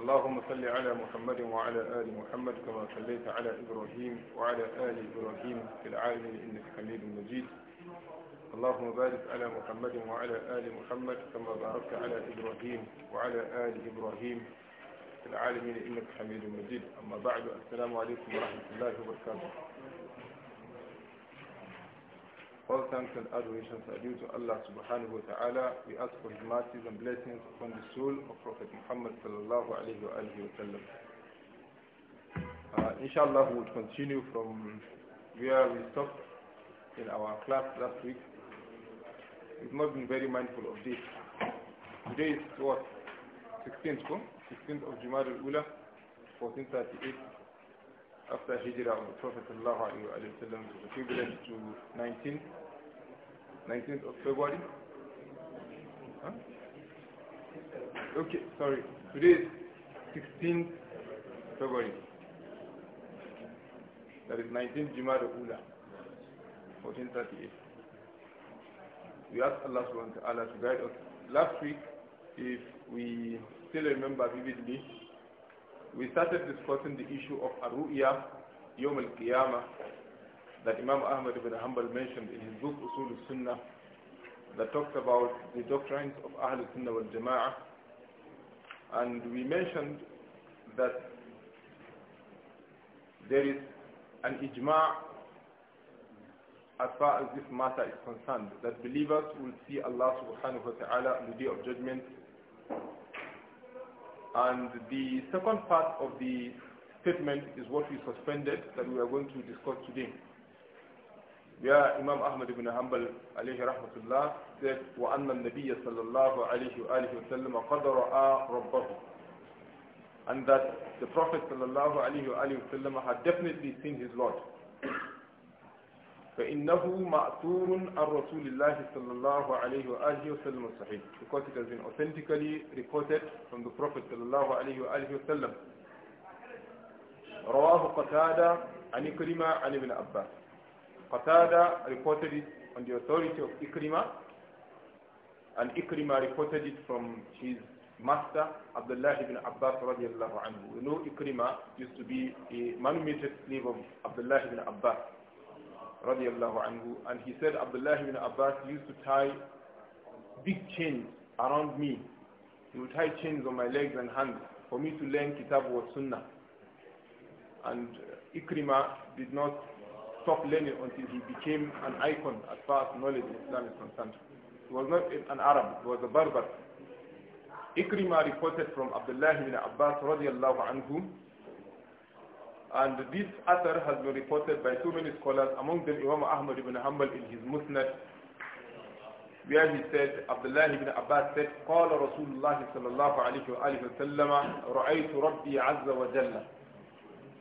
اللهم صل على محمد وعلى آل محمد كما صليت على إبراهيم وعلى آل إبراهيم في العالمين إنك حميد مجيد اللهم بارك على محمد وعلى آل محمد كما باركت على إبراهيم وعلى آل إبراهيم في العالمين إنك حميد مجيد أما بعد السلام عليكم ورحمة الله وبركاته All thanks and adorations are due to Allah subhanahu wa ta'ala. We ask for His mercies and blessings upon the soul of Prophet Muhammad sallallahu alayhi wa sallam. Uh, inshallah, we will continue from where we stopped in our class last week. We've not been very mindful of this. Today is what? 16th, 16th of Jumad al-Ula, 1438 after Hijrah of um, the Prophet وسلم, to equivalent to 19, 19th of February. Huh? Okay, sorry. Today is 16th February. That is 19th Jumada Ula, 1438. We ask Allah to guide us. Last week, if we still remember vividly, we started discussing the issue of Aru'ya, Yom Al-Qiyamah that Imam Ahmad ibn Hanbal mentioned in his book Usul al Sunnah that talks about the doctrines of Ahl Sunnah wal Jama'ah and we mentioned that there is an ijma' as far as this matter is concerned that believers will see Allah subhanahu wa ta'ala on the day of judgment and the second part of the statement is what we suspended that we are going to discuss today. Where Imam Ahmad ibn Hanbal alayhi rahmatullah said, وَأَنَّ النَّبِيَّ صَلَّى اللَّهُ عَلَيْهِ Alayhi وَسَلَّمَ قَدْ رَأَى رَبَّهُ And that the Prophet sallallahu alayhi wa had definitely seen his Lord. فإنه مأثور عن رسول الله صلى الله عليه وآله وسلم الصحيح because it has been authentically reported from the Prophet صلى الله عليه وآله وسلم رواه قتادة عن إكرمة عن ابن أباس قتادة reported it on the authority of إكرمة and إكرمة reported it from his master Abdullah ibn Abbas radiallahu anhu we know إكرمة used to be a manumitted slave of Abdullah ibn Abbas radiallahu anhu, and he said Abdullah ibn Abbas used to tie big chains around me. He would tie chains on my legs and hands for me to learn Kitab wa Sunnah. And Ikrima did not stop learning until he became an icon as far as knowledge in Islam is concerned. He was not an Arab, he was a barbar. Ikrima reported from Abdullah ibn Abbas radiallahu anhu and this athar has been reported by so many scholars, among them Imam Ahmad ibn Hanbal in his Musnad, where he said, Abdullah ibn Abbas said, قال رسول الله صلى الله عليه وآله وسلم رأيت ربي عز وجل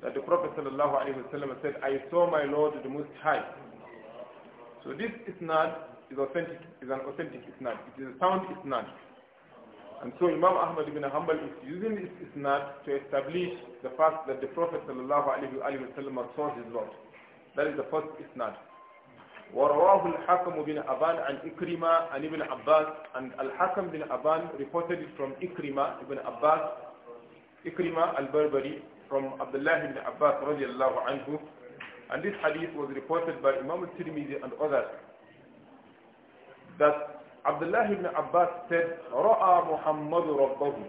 That the Prophet صلى الله عليه وسلم said, I saw my Lord the Most High. So this isnad is authentic, is an authentic isnad. It is a sound isnad. And so Imam Ahmad ibn Hanbal is using this isnad to establish the fact that the Prophet ﷺ sought his Lord. That is the first isnad. ورواه الحكم بن أبان عن إكرمة عن ابن عباس and الحكم بن أبان reported it from إكرمة ابن عباس إكرمة البربري from Abdullah ibn Abbas رضي الله عنه and this hadith was reported by Imam al-Tirmidhi and others that Abdullah ibn Abbas said, Ra'a Muhammad Rabbahu.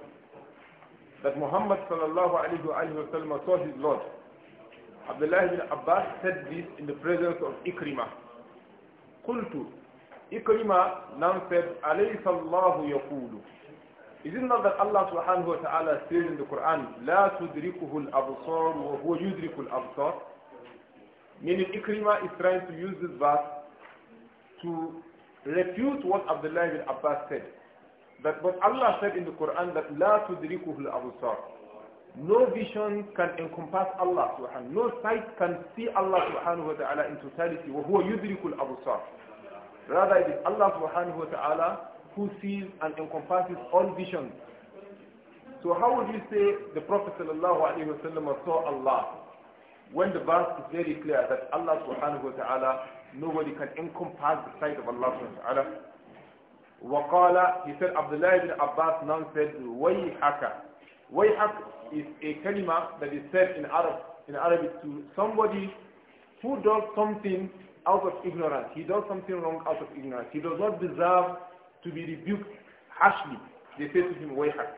That Muhammad sallallahu alayhi wa sallam saw his Lord. Abdullah ibn Abbas said this in the presence of Ikrimah. Qultu. Ikrimah now said, Alayhi sallahu yaqulu. Is it not that Allah subhanahu wa ta'ala says in the Quran, لا تدركه الأبصار وهو al الأبصار? Meaning Ikrimah is trying to use this verse to refute what Abdullah ibn Abbas said. That what Allah said in the Quran that لا تدركه الأبصار. No vision can encompass Allah subhanahu No sight can see Allah subhanahu wa ta'ala in totality. وهو يدرك الأبصار. Rather it is Allah subhanahu wa ta'ala who sees and encompasses all visions. So how would you say the Prophet sallallahu alayhi wa sallam saw Allah? When the verse is very clear that Allah subhanahu wa ta'ala Nobody can encompass the sight of Allah subhanahu wa ta'ala. he said Abdullah ibn Abbas now said ويحك Wayhak is a kalima that is said in Arab in Arabic to somebody who does something out of ignorance he does something wrong out of ignorance he does not deserve to be rebuked harshly they say to him wayhak.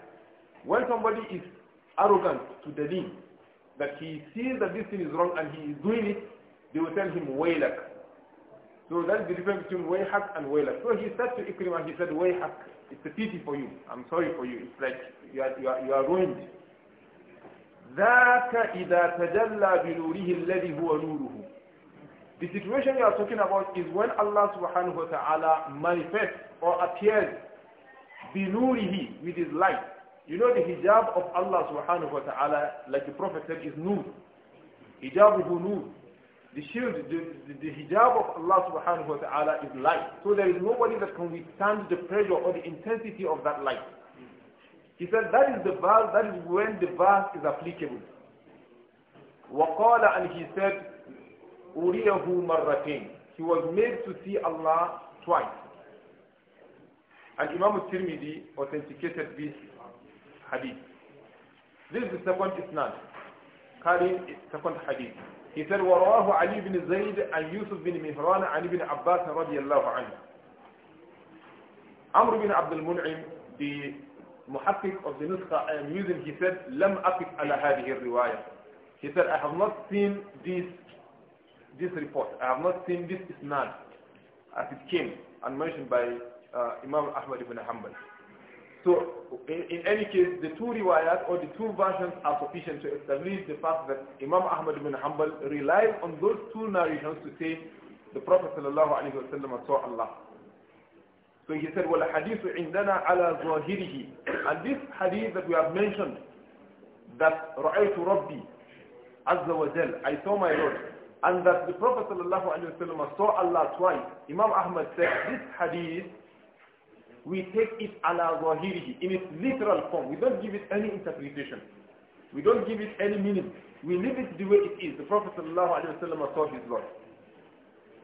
when somebody is arrogant to the deen that he sees that this thing is wrong and he is doing it they will tell him waylak so that's the difference between wayhak and waylak. So he said to Ikrimah, he said, wayhak, it's a pity for you. I'm sorry for you. It's like you are, you are, you are ruined. ذَاكَ إِذَا تَجَلَّى بِنُورِهِ الَّذِي هُوَ نُورُهُ The situation you are talking about is when Allah subhanahu wa ta'ala manifests or appears بِنُورِهِ with his light. You know the hijab of Allah subhanahu wa ta'ala, like the Prophet said, is nur. Hijab is nur the shield, the, the, hijab of Allah subhanahu wa ta'ala is light. So there is nobody that can withstand the pressure or the intensity of that light. He said that is the verse, that is when the verse is applicable. وَقَالَ And he said, أُرِيَهُ مَرَّتَيْنِ He was made to see Allah twice. And Imam al-Tirmidhi authenticated this hadith. This is the second isnad, is second hadith. He said, وَرَوَاهُ Ali bin Zayd and Yusuf bin Mihran and Ibn Abbas radiallahu anhu. Amr bin Abdul Mun'im, the muhaqqiq of the Nusqa I am using, he said, لَمْ أَقِفْ عَلَى هَذِهِ الرِّوَايَةِ He said, I have not seen this, this report. I have not seen this isnad as it came and mentioned by uh, Imam Ahmad ibn Hanbal. So in, any case, the two riwayat or the two versions are sufficient to establish the fact that Imam Ahmad ibn Hanbal relied on those two narrations to say the Prophet ﷺ saw Allah. So he said, وَالْحَدِيثُ عِنْدَنَا عَلَى ظَاهِرِهِ And this hadith that we have mentioned, that رَأَيْتُ رَبِّي عَزَّ وَجَلَ I saw my Lord. And that the Prophet ﷺ saw Allah twice. Imam Ahmad said, this hadith we take it ala zahirihi, in its literal form. We don't give it any interpretation. We don't give it any meaning. We leave it the way it is. The Prophet ﷺ saw his life.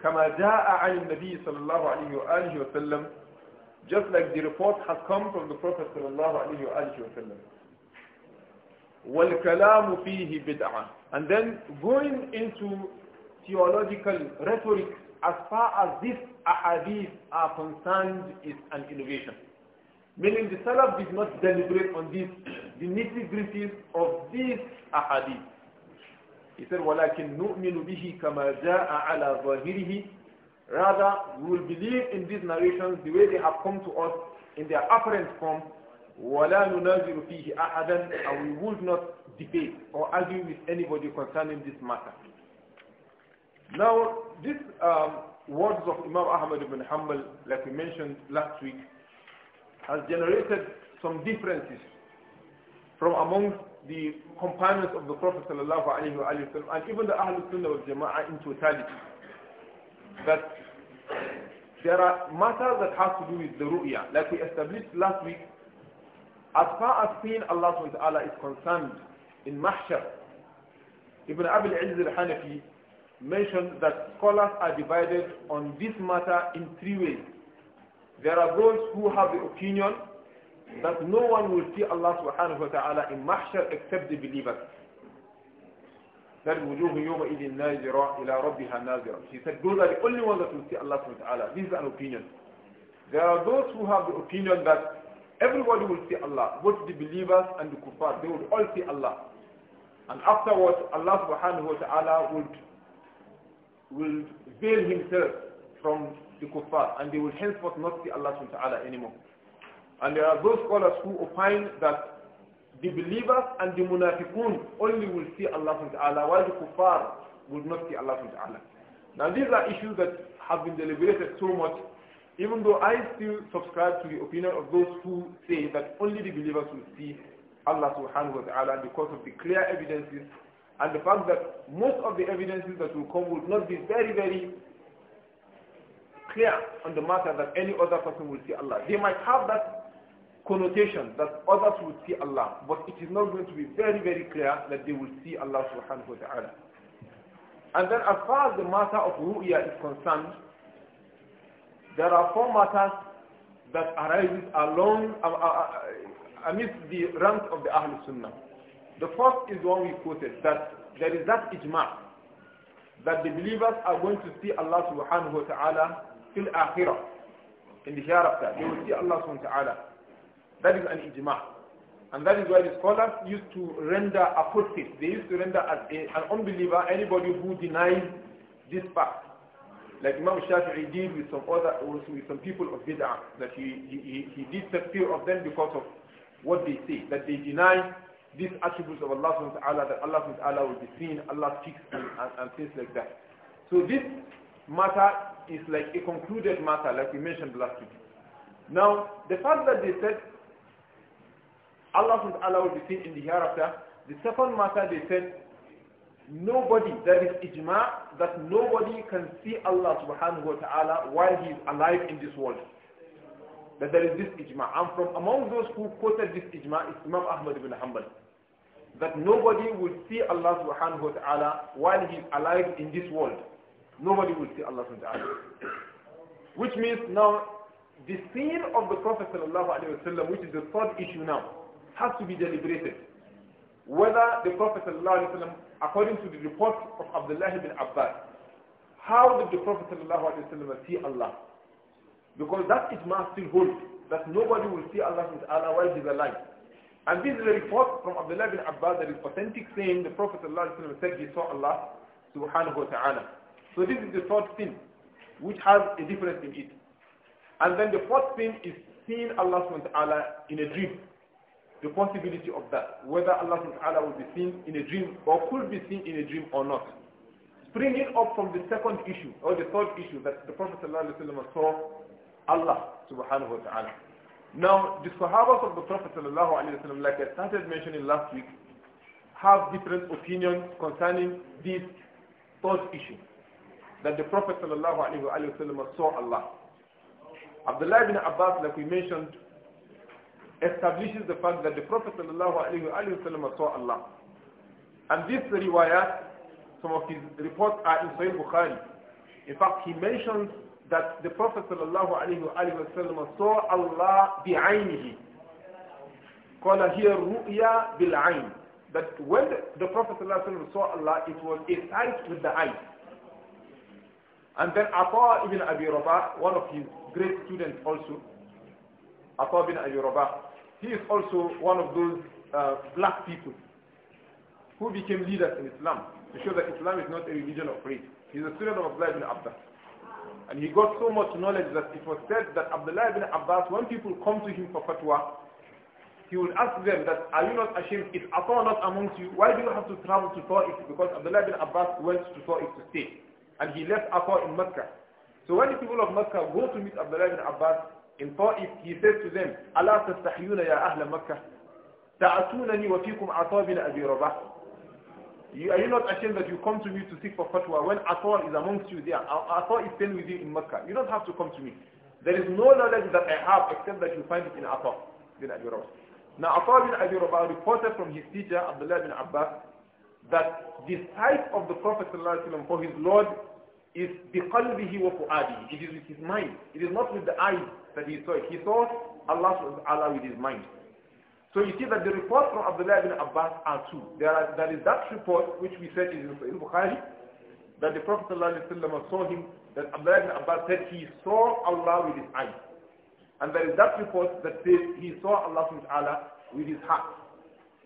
كما جاء عن النبي صلى الله عليه وآله وسلم just like the report has come from the Prophet صلى الله عليه وآله وسلم والكلام فيه بدعة and then going into theological rhetoric as far as this ahadith are concerned is an innovation. Meaning the Salaf did not deliberate on this, the nitty-gritties of these ahadith. He said, وَلَكِنْ نُؤْمِنُ بِهِ كَمَا جَاءَ عَلَى ظَاهِرِهِ Rather, we will believe in these narrations the way they have come to us in their apparent form, وَلَا نُنَازِرُ فِيهِ أَحَدًا And we would not debate or argue with anybody concerning this matter. Now, this um, words of Imam Ahmad ibn Hanbal, like we mentioned last week, has generated some differences from among the companions of the Prophet sallallahu alaihi wasallam and even the Ahlul Sunnah wal Jama'ah in totality. That there are matters that have to do with the ru'ya, like we established last week. As far as seeing Allah subhanahu wa ta'ala is concerned in Mahshar, Ibn Abi al-Izz al-Hanafi mentioned that scholars are divided on this matter in three ways. There are those who have the opinion that no one will see Allah subhanahu wa ta'ala in mahshar except the believers. He said, those are the only ones that will see Allah subhanahu wa ta'ala. This is an opinion. There are those who have the opinion that everybody will see Allah, both the believers and the kuffar. They will all see Allah. And afterwards, Allah subhanahu wa ta'ala would will veil himself from the kuffar and they will henceforth not see Allah subhanahu wa ta'ala anymore. And there are those scholars who opine that the believers and the munafiqun only will see Allah subhanahu wa ta'ala while the kuffar will not see Allah subhanahu wa ta'ala. Now these are issues that have been deliberated so much even though I still subscribe to the opinion of those who say that only the believers will see Allah subhanahu wa ta'ala because of the clear evidences and the fact that most of the evidences that will come will not be very, very clear on the matter that any other person will see Allah. They might have that connotation that others will see Allah, but it is not going to be very, very clear that they will see Allah subhanahu wa ta'ala. And then as far as the matter of ru'ya is concerned, there are four matters that arises along, uh, uh, uh amidst the ranks of the Ahlul Sunnah. The first is the one we quoted, that there is that ijma, that the believers are going to see Allah subhanahu wa ta'ala fil akhirah, in the hereafter. They will see Allah subhanahu wa ta'ala. That is an ijma. And that is why the scholars used to render apostate. They used to render as a, an unbeliever anybody who denies this fact. Like Imam Shafi'i did with some other, with some people of Bid'ah, that he, he, he did the fear of them because of what they say, that they deny these attributes of Allah subhanahu wa ta'ala that Allah subhanahu wa ta'ala will be seen, Allah speaks and, and, and things like that. So this matter is like a concluded matter like we mentioned last week. Now, the fact that they said Allah subhanahu wa ta'ala will be seen in the hereafter, the second matter they said nobody, there is ijma, that nobody can see Allah subhanahu wa ta'ala while he is alive in this world. That there is this ijma. And from among those who quoted this ijma is Imam Ahmad ibn Hanbal that nobody will see Allah subhanahu wa ta'ala while he is alive in this world. Nobody will see Allah subhanahu wa ta'ala. Which means now the sin of the Prophet sallallahu alaihi wasallam, which is the third issue now, has to be deliberated. Whether the Prophet sallallahu alaihi wasallam, according to the report of Abdullah ibn Abbas, how did the Prophet sallallahu alaihi wasallam see Allah? Because that is must still holds that nobody will see Allah subhanahu wa ta'ala while he's alive. And this is a report from Abdullah bin Abbas that is authentic saying the Prophet ﷺ said he saw Allah subhanahu wa ta'ala. So this is the third sin which has a difference in it. And then the fourth sin is seeing Allah subhanahu wa ta'ala in a dream. The possibility of that, whether Allah subhanahu wa ta'ala will be seen in a dream or could be seen in a dream or not. Springing up from the second issue or the third issue that the Prophet ﷺ saw Allah subhanahu wa ta'ala. Now, the Sahabas of the Prophet ﷺ, like I started mentioning last week, have different opinions concerning this third issue, that the Prophet ﷺ saw Allah. Abdullah ibn Abbas, like we mentioned, establishes the fact that the Prophet ﷺ saw Allah. And this riwayat, some of his reports are in Sahih Bukhari. In fact, he mentions that the Prophet ﷺ saw Allah بعينه قال here رؤيا بالعين that when the Prophet ﷺ saw Allah it was a sight with the eye and then Atta ibn Abi Rabah one of his great students also Atta ibn Abi Rabah he is also one of those uh, black people who became leaders in Islam to show that Islam is not a religion of race. He's a student of Abdullah ibn Abbas. And he got so much knowledge that it was said that Abdullah ibn Abbas, when people come to him for fatwa, he would ask them that, are you not ashamed? Is Atta not amongst you? Why do you have to travel to Ta'if? Because Abdullah ibn Abbas went to Ta'if to stay. And he left Atta in Mecca. So when the people of Mecca go to meet Abdullah ibn Abbas in Ta'if, he says to them, أَلَا تَسْتَحْيُونَ يَا أَهْلَ مَكَّةِ تَعْتُونَنِي وَفِيكُمْ عَطَى بِنْ أَبِي رَبَحٍ you, are you not ashamed that you come to me to seek for fatwa when Athor is amongst you there? Athor is staying with you in Mecca. You don't have to come to me. There is no knowledge that I have except that you find it in Athor bin Abi Rabah. Now Athor bin Abi Rabah reported from his teacher Abdullah bin Abbas that the sight of the Prophet ﷺ for his Lord is بِقَلْبِهِ وَفُعَادِهِ It is with his mind. It is not with the eyes that he saw it. He saw Allah with his mind. So you see that the reports from Abdullah ibn Abbas are two. There, are, there is that report which we said in Bukhari, that the Prophet ﷺ saw him, that Abdullah ibn Abbas said he saw Allah with his eyes. And there is that report that says he saw Allah SWT with his heart.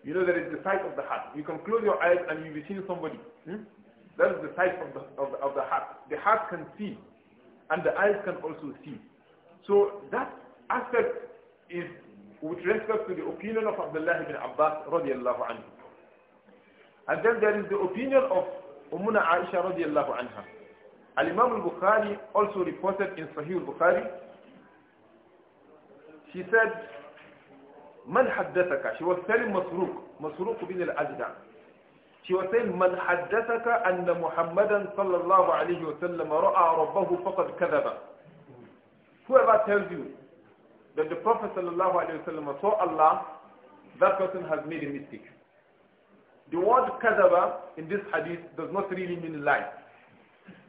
You know, there is the sight of the heart. You can close your eyes and you'll see somebody. Hmm? That is the sight of the, of, the, of the heart. The heart can see, and the eyes can also see. So that aspect is with respect to the opinion of Abdullah ibn Abbas radiallahu anhu. And then there is the opinion of Ummuna Aisha radiallahu anha. Al-Imam al-Bukhari also reported in Sahih al-Bukhari, she said, Man haddathaka, she was telling Masruq, Masruq bin al-Ajda. She was saying, Man haddathaka anna Muhammadan sallallahu alayhi wa sallam ra'a rabbahu faqad kadhaba. Whoever tells you that the Prophet ﷺ saw Allah, that person has made a mistake. The word kadaba in this hadith does not really mean lie.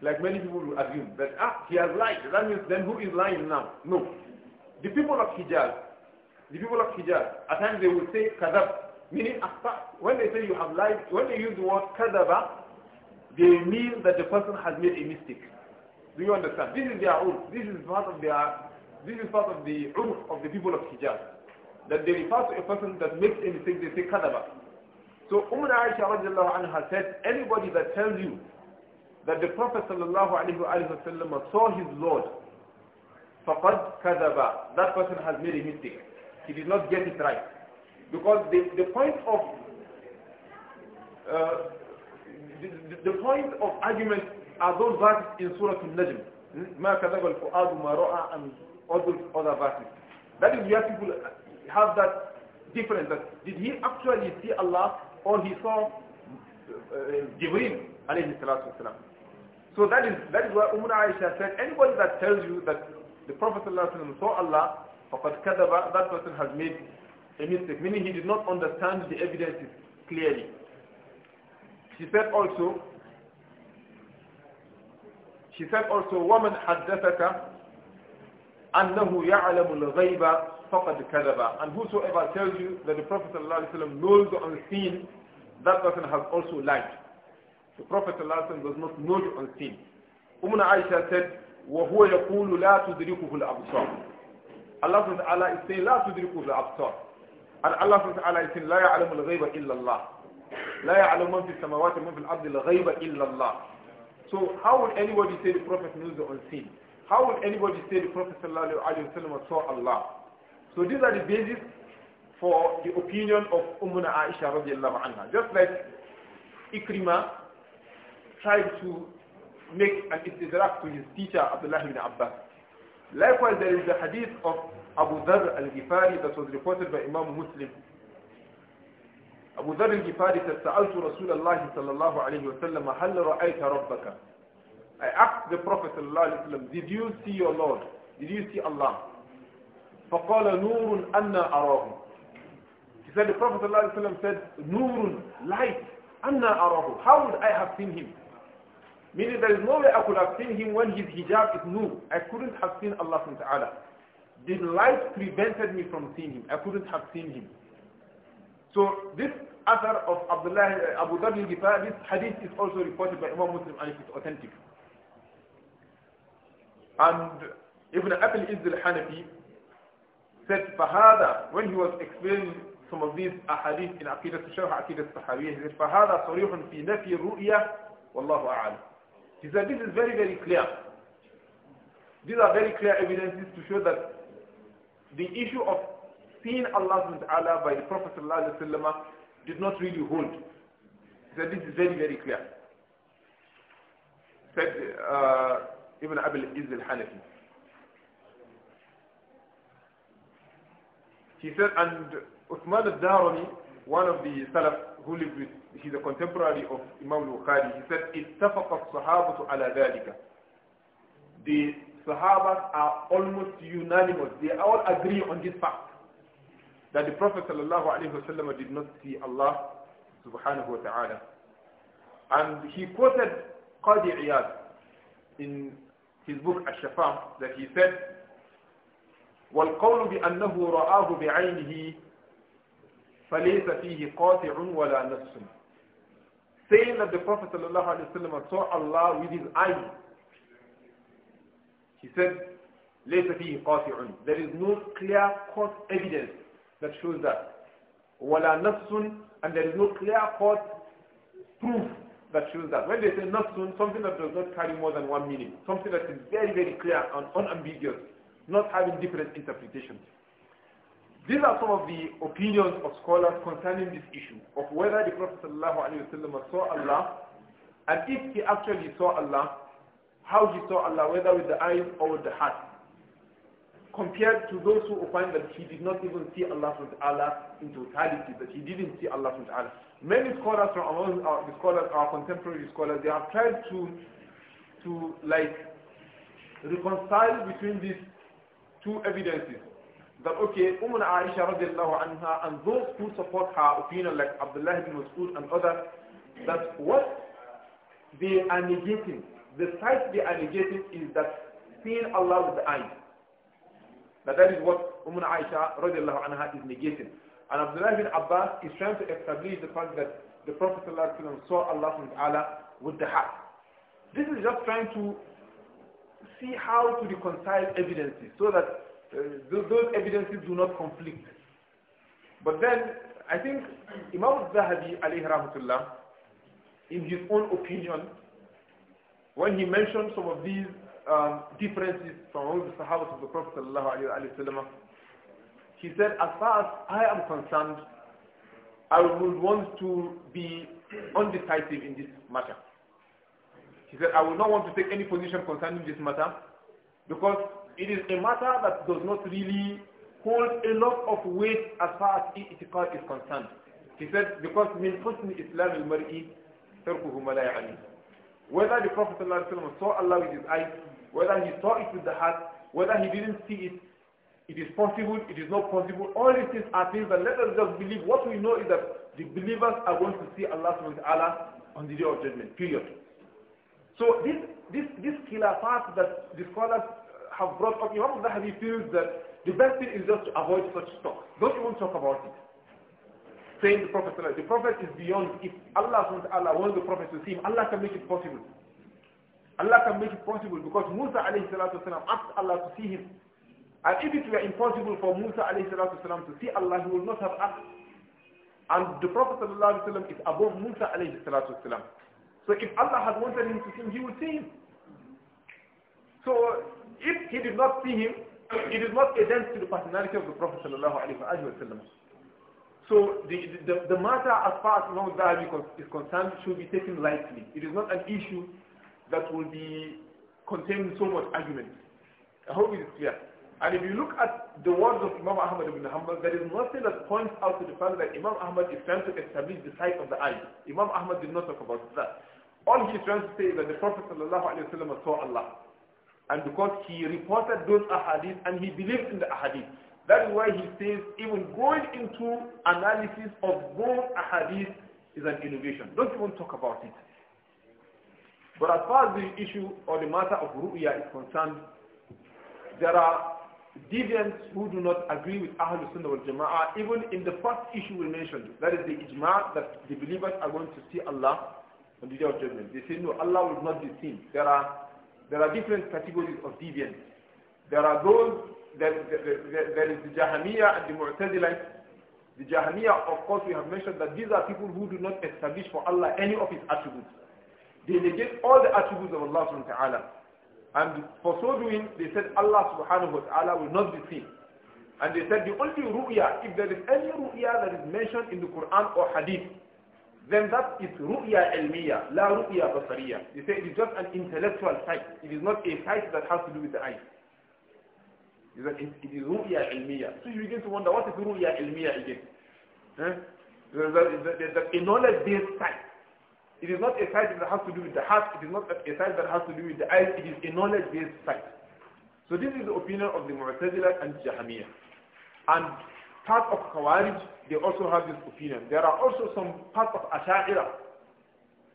Like many people will assume that, ah, he has lied. That means then who is lying now? No. The people of Hijaz, the people of Hijaz, at times they will say kadab, meaning after ah, When they say you have lied, when they use the word kadaba, they mean that the person has made a mistake. Do you understand? This is their own. This is part of their this is part of the urf of the people of Hijaz. That they refer to a person that makes a mistake, they say kadaba. So Umar Aisha radiallahu anha said, anybody that tells you that the Prophet sallallahu alayhi wa saw his Lord, faqad kadaba, that person has made a mistake. He did not get it right. Because the, the point of uh, the, the, the point of argument are those verses in Surah Al-Najm. ما كذب الفؤاد ما رأى أن all those other verses. That is where people have that difference. That did he actually see Allah or he saw uh, Jibreel alayhi salatu wasalam. So that is, that is why Umar Aisha said, anybody that tells you that the Prophet saw Allah, That person has made a mistake, meaning he did not understand the evidences clearly. She said also, she said also, وَمَنْ حَدَّثَكَ and whosoever tells you that the Prophet ﷺ knows the unseen that person has also lied the Prophet ﷺ does not know the unseen Umna Aisha said وهو يقول لا تدركه unseen." Allah subhanahu wa ta'ala is saying لا تدركه الأبصار and Allah subhanahu ta'ala is saying لا يعلم الغيب إلا الله لا يعلم من في السماوات ومن في الأرض الغيب إلا الله So how would anybody say the Prophet knows the unseen? how would anybody say the Prophet ﷺ saw Allah? So these are the basis for the opinion of Ummuna Aisha radiallahu anha. Just like Ikrima tried to make an istidrak to his teacher Abdullah ibn Abbas. Likewise, there is the hadith of Abu Dharr al-Ghifari that was reported by Imam Muslim. Abu Dharr al-Ghifari said, سألت رسول الله صلى الله عليه وسلم هل رأيت ربك؟ I asked the Prophet ﷺ, did you see your Lord? Did you see Allah? فَقَالَ نُورٌ أَنَّا أَرَاهُ He said, the Prophet ﷺ said, نُورٌ, light, أَنَّا أَرَاهُ How would I have seen him? Meaning there is no way I could have seen him when his hijab is nur. I couldn't have seen Allah Taala. The light prevented me from seeing him. I couldn't have seen him. So this author of Abdullah Abu Dhabi Ghifar, this hadith is also reported by Imam Muslim and it is authentic. And Ibn Abil Izz al-Hanafi said, فَهَذَا When he was explaining some of these ahadith in Aqidat al-Shawh, Aqidat al-Sahawiyah, he said, فَهَذَا صَرِيحٌ فِي نَفِي الرُّؤْيَةِ وَاللَّهُ أَعَلَمُ He said, this is very, very clear. These are very clear evidences to show that the issue of seeing Allah subhanahu wa taala by the Prophet sallallahu did not really hold. He said, this is very, very clear. He said, uh, even abil izz al-hanafi he said and Uthman al Dharani, one of the Salaf who lived with he's a contemporary of Imam al-Bukhari he said اتفق الصحابة على ذلك the Sahabas are almost unanimous they all agree on this fact that the Prophet sallallahu did not see Allah subhanahu wa ta'ala and he quoted Qadi Iyad in his book Ash-Shafa that he said, وَالْقَوْلُ بِأَنَّهُ رَآهُ بِعَيْنِهِ فَلَيْسَ فِيهِ قَاطِعٌ وَلَا نَفْسٌ Saying that the Prophet ﷺ saw Allah with his eyes. He said, لَيْسَ فِيهِ قَاطِعٌ There is no clear-cut evidence that shows that. وَلَا نَفْسٌ And there is no clear-cut proof that shows that when they say not soon, something that does not carry more than one meaning, something that is very, very clear and unambiguous, not having different interpretations. These are some of the opinions of scholars concerning this issue of whether the Prophet wasallam saw Allah and if he actually saw Allah, how he saw Allah, whether with the eyes or with the heart compared to those who opine that he did not even see Allah subhanahu wa ta'ala in totality, that he didn't see Allah subhanahu wa ta'ala. Many scholars from among our, uh, the scholars, our contemporary scholars, they have tried to, to like reconcile between these two evidences. That okay, Umm Aisha radiallahu anha and those who support her opinion like Abdullah ibn Mas'ud and others, that what they are negating, the side they are negating is that seeing Allah with the eyes. That that is what Umm Aisha radiallahu anha is negating. And Abdullah bin Abbas is trying to establish the fact that the Prophet saw Allah Ta'ala with the heart. This is just trying to see how to reconcile evidences so that uh, those, those evidences do not conflict. But then, I think Imam Zahabi alayhi rahmatullah, in his own opinion, when he mentioned some of these um, differences from all the Sahabas of the Prophet ﷺ. He said, as far as I am concerned, I would want to be undecisive in this matter. He said, I will not want to take any position concerning this matter because it is a matter that does not really hold a lot of weight as far as itiqad is concerned. He said, because min husn islam al-mar'i tarkuhu whether the Prophet saw Allah with his eyes, whether he saw it with the heart, whether he didn't see it, it is possible, it is not possible. All these things are things that let us just believe. What we know is that the believers are going to see Allah subhanahu wa ta'ala on the day of judgment, period. So this, this, this part that the scholars have brought up, Imam Zahabi feels that the best thing is just to avoid such talk. Don't even talk about it saying the Prophet The Prophet is beyond. If Allah Allah wants the Prophet to see him, Allah can make it possible. Allah can make it possible because Musa alayhi asked Allah to see him. And if it were impossible for Musa alayhi to see Allah, he would not have asked. And the Prophet is above Musa alayhi So if Allah had wanted him to see him, he would see him. So if he did not see him, it is not against the personality of the Prophet sallallahu so the, the, the, matter as far as Imam Zahabi is concerned should be taken lightly. It is not an issue that will be containing so much argument. I hope it is clear. And if you look at the words of Imam Ahmad ibn Hanbal, there is nothing that points out to the fact that Imam Ahmad is trying to establish the site of the ayah. Imam Ahmad did not talk about that. All he is trying to say is that the Prophet ﷺ saw Allah. And because he reported those ahadith and he believed in the ahadith. That is why he says even going into analysis of wrong ahadith is an innovation. Don't even talk about it. But as far as the issue or the matter of ru'ya is concerned, there are deviants who do not agree with Ahlul Sunnah wal Jama'ah, even in the first issue we mentioned, that is the ijma' that the believers are going to see Allah on the day of judgment. They say, no, Allah will not be seen. There are, there are different categories of deviants. There are those theres is, there, there is the jahamia and the mu'tazilites. The jahamia, of course, we have mentioned that these are people who do not establish for Allah any of His attributes. They negate all the attributes of Allah subhanahu wa ta'ala. And for so doing, they said Allah subhanahu wa ta'ala will not be seen. And they said the only ru'ya, if there is any ru'ya that is mentioned in the Quran or Hadith, then that is ru'ya ilmiya, la ru'ya basariya. They say it is just an intellectual sight. It is not a sight that has to do with the eyes is it, it is So you begin to wonder, what is ru'ya ilmiya again? Huh? There's a knowledge-based sight. It is not a sight that has to do with the heart. It is not a sight that has to do with the eyes. It is a knowledge-based sight. So this is the opinion of the Mu'tazila and Jahamiyyah. And part of Khawarij, they also have this opinion. There are also some part of Asha'ira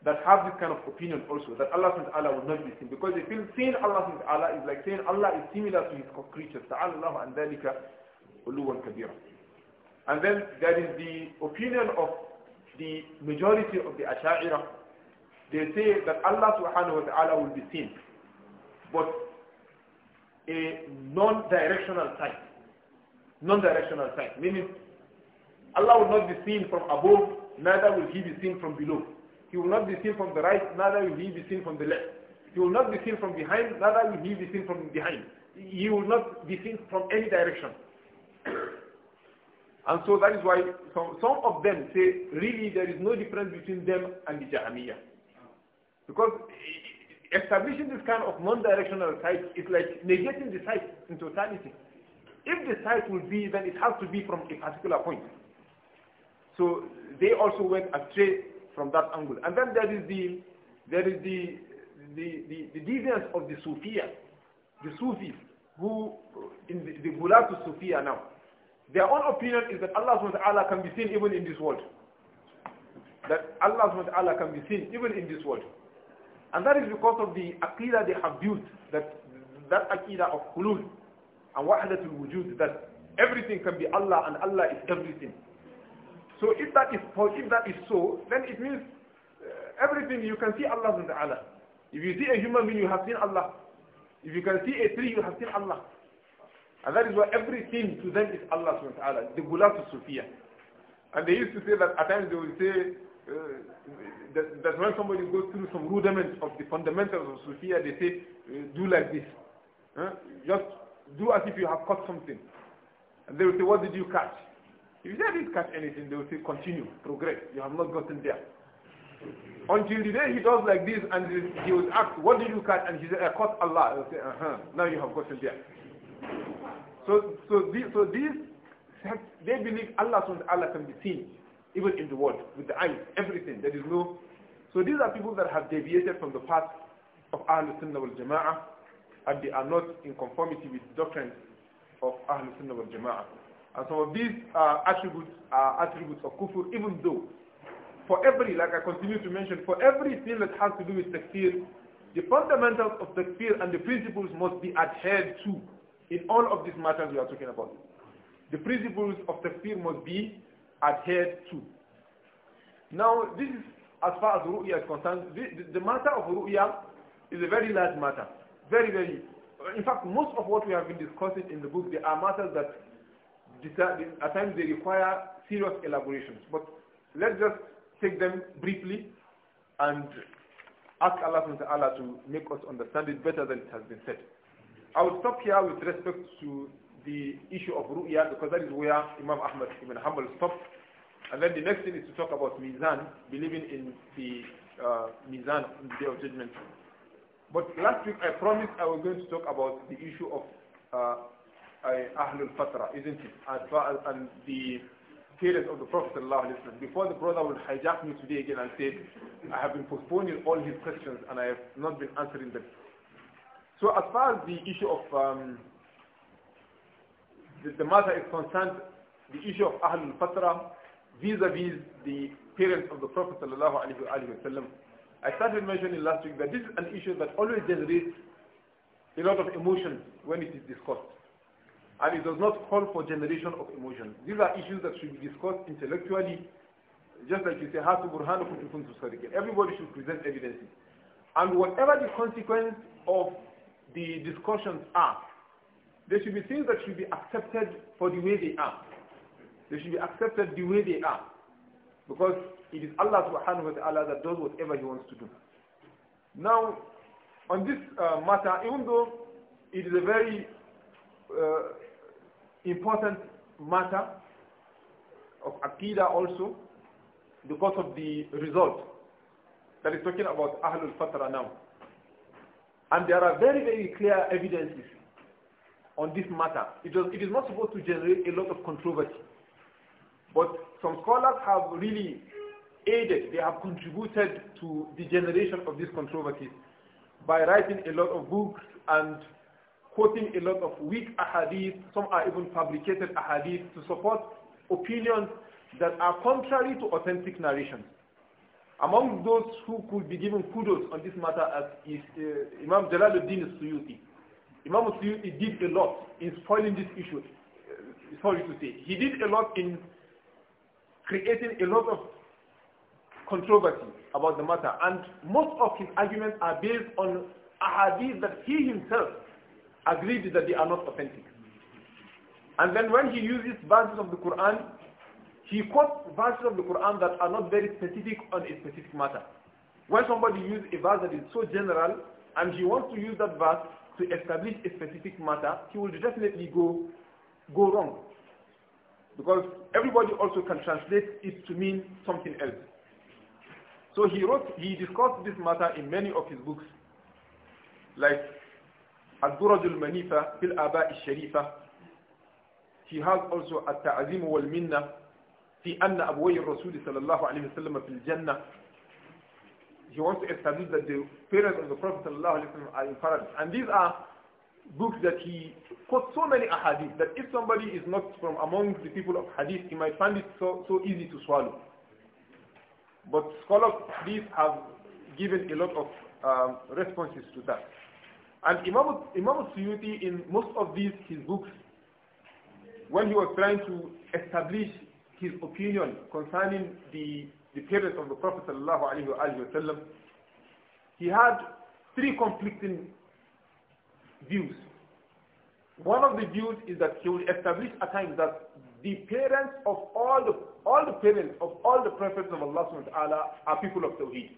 that have this kind of opinion also, that Allah subhanahu will not be seen. Because they feel saying Allah subhanahu is like saying Allah is similar to his creatures. Ta'ala Allah and dhalika uluwan kabira. And then there is the opinion of the majority of the Asha'ira. They say that Allah subhanahu wa ta'ala will be seen, but a non-directional sign. Non-directional sign, meaning Allah will not be seen from above, neither will he be seen from below. He will not be seen from the right, neither will he be seen from the left. He will not be seen from behind, neither will he be seen from behind. He will not be seen from any direction. and so that is why some, some of them say, really there is no difference between them and the Jahamiyyah. Because establishing this kind of non-directional sight is like negating the sight in totality. If the sight will be, then it has to be from a particular point. So they also went astray from that angle. And then there is the there is the the, the, the deviance of the Sufia, the Sufis, who in the, the to Sufia now. Their own opinion is that Allah subhanahu can be seen even in this world. That Allah subhanahu can be seen even in this world. And that is because of the aqidah they have built, that, that aqidah of khulul and wahdatul wujud, that everything can be Allah and Allah is everything. So if that is if that is so, then it means uh, everything you can see Allah subhanahu wa ta'ala. If you see a human being, you have seen Allah. If you can see a tree, you have seen Allah. And that is why everything to them is Allah subhanahu wa ta'ala, the Gulat Sufiya. And they used to say that at times they would say uh, that, that, when somebody goes through some rudiments of the fundamentals of Sufiya, they say, uh, do like this. Huh? Just do as if you have caught something. And they will say, what did you catch? If they didn't catch anything, they will say, continue, progress. You have not gotten there. Until the day he does like this and he was asked, what did you catch? And he said, I caught Allah. He'll say, uh-huh, now you have gotten there. So, so, the, so these, they believe Allah Allah can be seen, even in the world, with the eyes, everything. There is no... So these are people that have deviated from the path of Ahlul Sunnah wal Jama'ah and they are not in conformity with the doctrines of Ahlul Sunnah wal Jama'ah. And some of these uh, attributes are attributes of kufr, even though for every, like I continue to mention, for everything that has to do with takfir, the fundamentals of takfir and the principles must be adhered to in all of these matters we are talking about. The principles of takfir must be adhered to. Now, this is as far as ru'ya is concerned. The, the matter of ru'ya is a very large matter. Very, very. In fact, most of what we have been discussing in the book, there are matters that at times they require serious elaborations. But let's just take them briefly and ask Allah subhanahu wa ta'ala to make us understand it better than it has been said. I will stop here with respect to the issue of ru'ya because that is where Imam Ahmad ibn Hanbal stopped. And then the next thing is to talk about mizan, believing in the uh, mizan, in the day of judgment. But last week I promised I was going to talk about the issue of uh, Ahlul Fatra, isn't it? As far as and the parents of the Prophet before the brother would hijack me today again and say, I have been postponing all his questions and I have not been answering them. So as far as the issue of um, the, the matter is concerned, the issue of Ahlul Fatra vis-a-vis the parents of the Prophet sallallahu I started mentioning last week that this is an issue that always generates a lot of emotion when it is discussed and it does not call for generation of emotion. These are issues that should be discussed intellectually, just like you say, how to Everybody should present evidences. And whatever the consequence of the discussions are, there should be things that should be accepted for the way they are. They should be accepted the way they are. Because it is Allah subhanahu wa ta'ala that does whatever he wants to do. Now, on this uh, matter, even though it is a very uh, important matter of Aqidah also because of the result that is talking about Ahlul Fatra now. And there are very, very clear evidences on this matter. It, was, it is not supposed to generate a lot of controversy. But some scholars have really aided, they have contributed to the generation of these controversies by writing a lot of books and quoting a lot of weak ahadith, some are even fabricated ahadith to support opinions that are contrary to authentic narrations. Among those who could be given kudos on this matter is uh, Imam Jalaluddin Suyuti. Imam Suyuti did a lot in spoiling this issue, uh, sorry to say. He did a lot in creating a lot of controversy about the matter. And most of his arguments are based on ahadith that he himself agreed that they are not authentic. And then when he uses verses of the Quran, he quotes verses of the Quran that are not very specific on a specific matter. When somebody uses a verse that is so general and he wants to use that verse to establish a specific matter, he will definitely go, go wrong. Because everybody also can translate it to mean something else. So he wrote, he discussed this matter in many of his books, like الدرج المنيفة في الآباء الشريفة also التعظيم والمنة في أن أبوي الرسول صلى الله عليه وسلم في الجنة he wants to establish that the parents of the Prophet صلى الله عليه وسلم are in paradise and these are books that he quotes so many ahadith that if somebody is not from among the people of hadith he might find it so, so easy to swallow but scholars these have given a lot of um, responses to that and Imam, Imam Suyuti, in most of these, his books, when he was trying to establish his opinion concerning the, the parents of the Prophet wasallam, he had three conflicting views. One of the views is that he will establish at times that the parents of all the all the parents of all the prophets of Allah subhanahu wa ta'ala are people of Tawheed.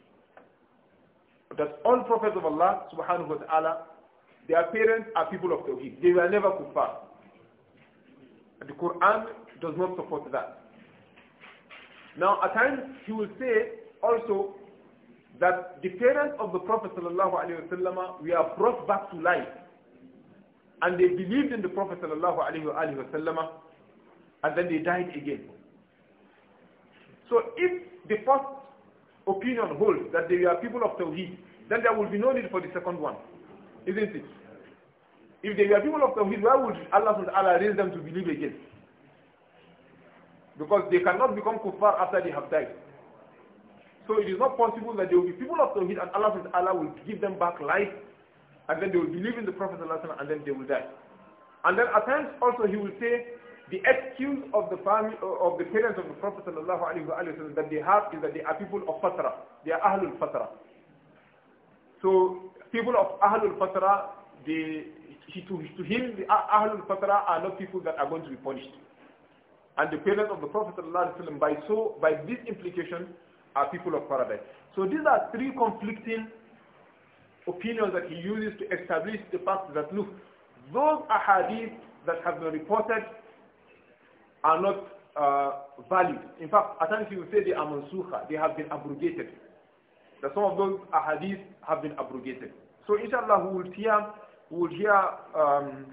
That all prophets of Allah subhanahu wa ta'ala their parents are people of Tawheed. They were never kuffar. the Quran does not support that. Now, at times, he will say also that the parents of the Prophet we were brought back to life. And they believed in the Prophet ﷺ, and then they died again. So if the first opinion holds that they are people of Tawheed, then there will be no need for the second one. Isn't it? If they were people of Tawheed, why would Allah Allah raise them to believe again? Because they cannot become kuffar after they have died. So it is not possible that there will be people of Tawheed and Allah Allah will give them back life and then they will believe in the Prophet and then they will die. And then at times also he will say the excuse of the family of the parents of the Prophet that they have is that they are people of fatra. They are ahlul fatra. So people of Ahlul Fatra, to, to him, the Ahlul Fatra are not people that are going to be punished. And the parents of the Prophet ﷺ, by, so, by this implication, are people of paradise. So these are three conflicting opinions that he uses to establish the fact that, look, those ahadith that have been reported are not uh, valid. In fact, at times you will say they are mansukha, they have been abrogated. That some of those ahadith have been abrogated. So inshallah we will hear, we will hear um,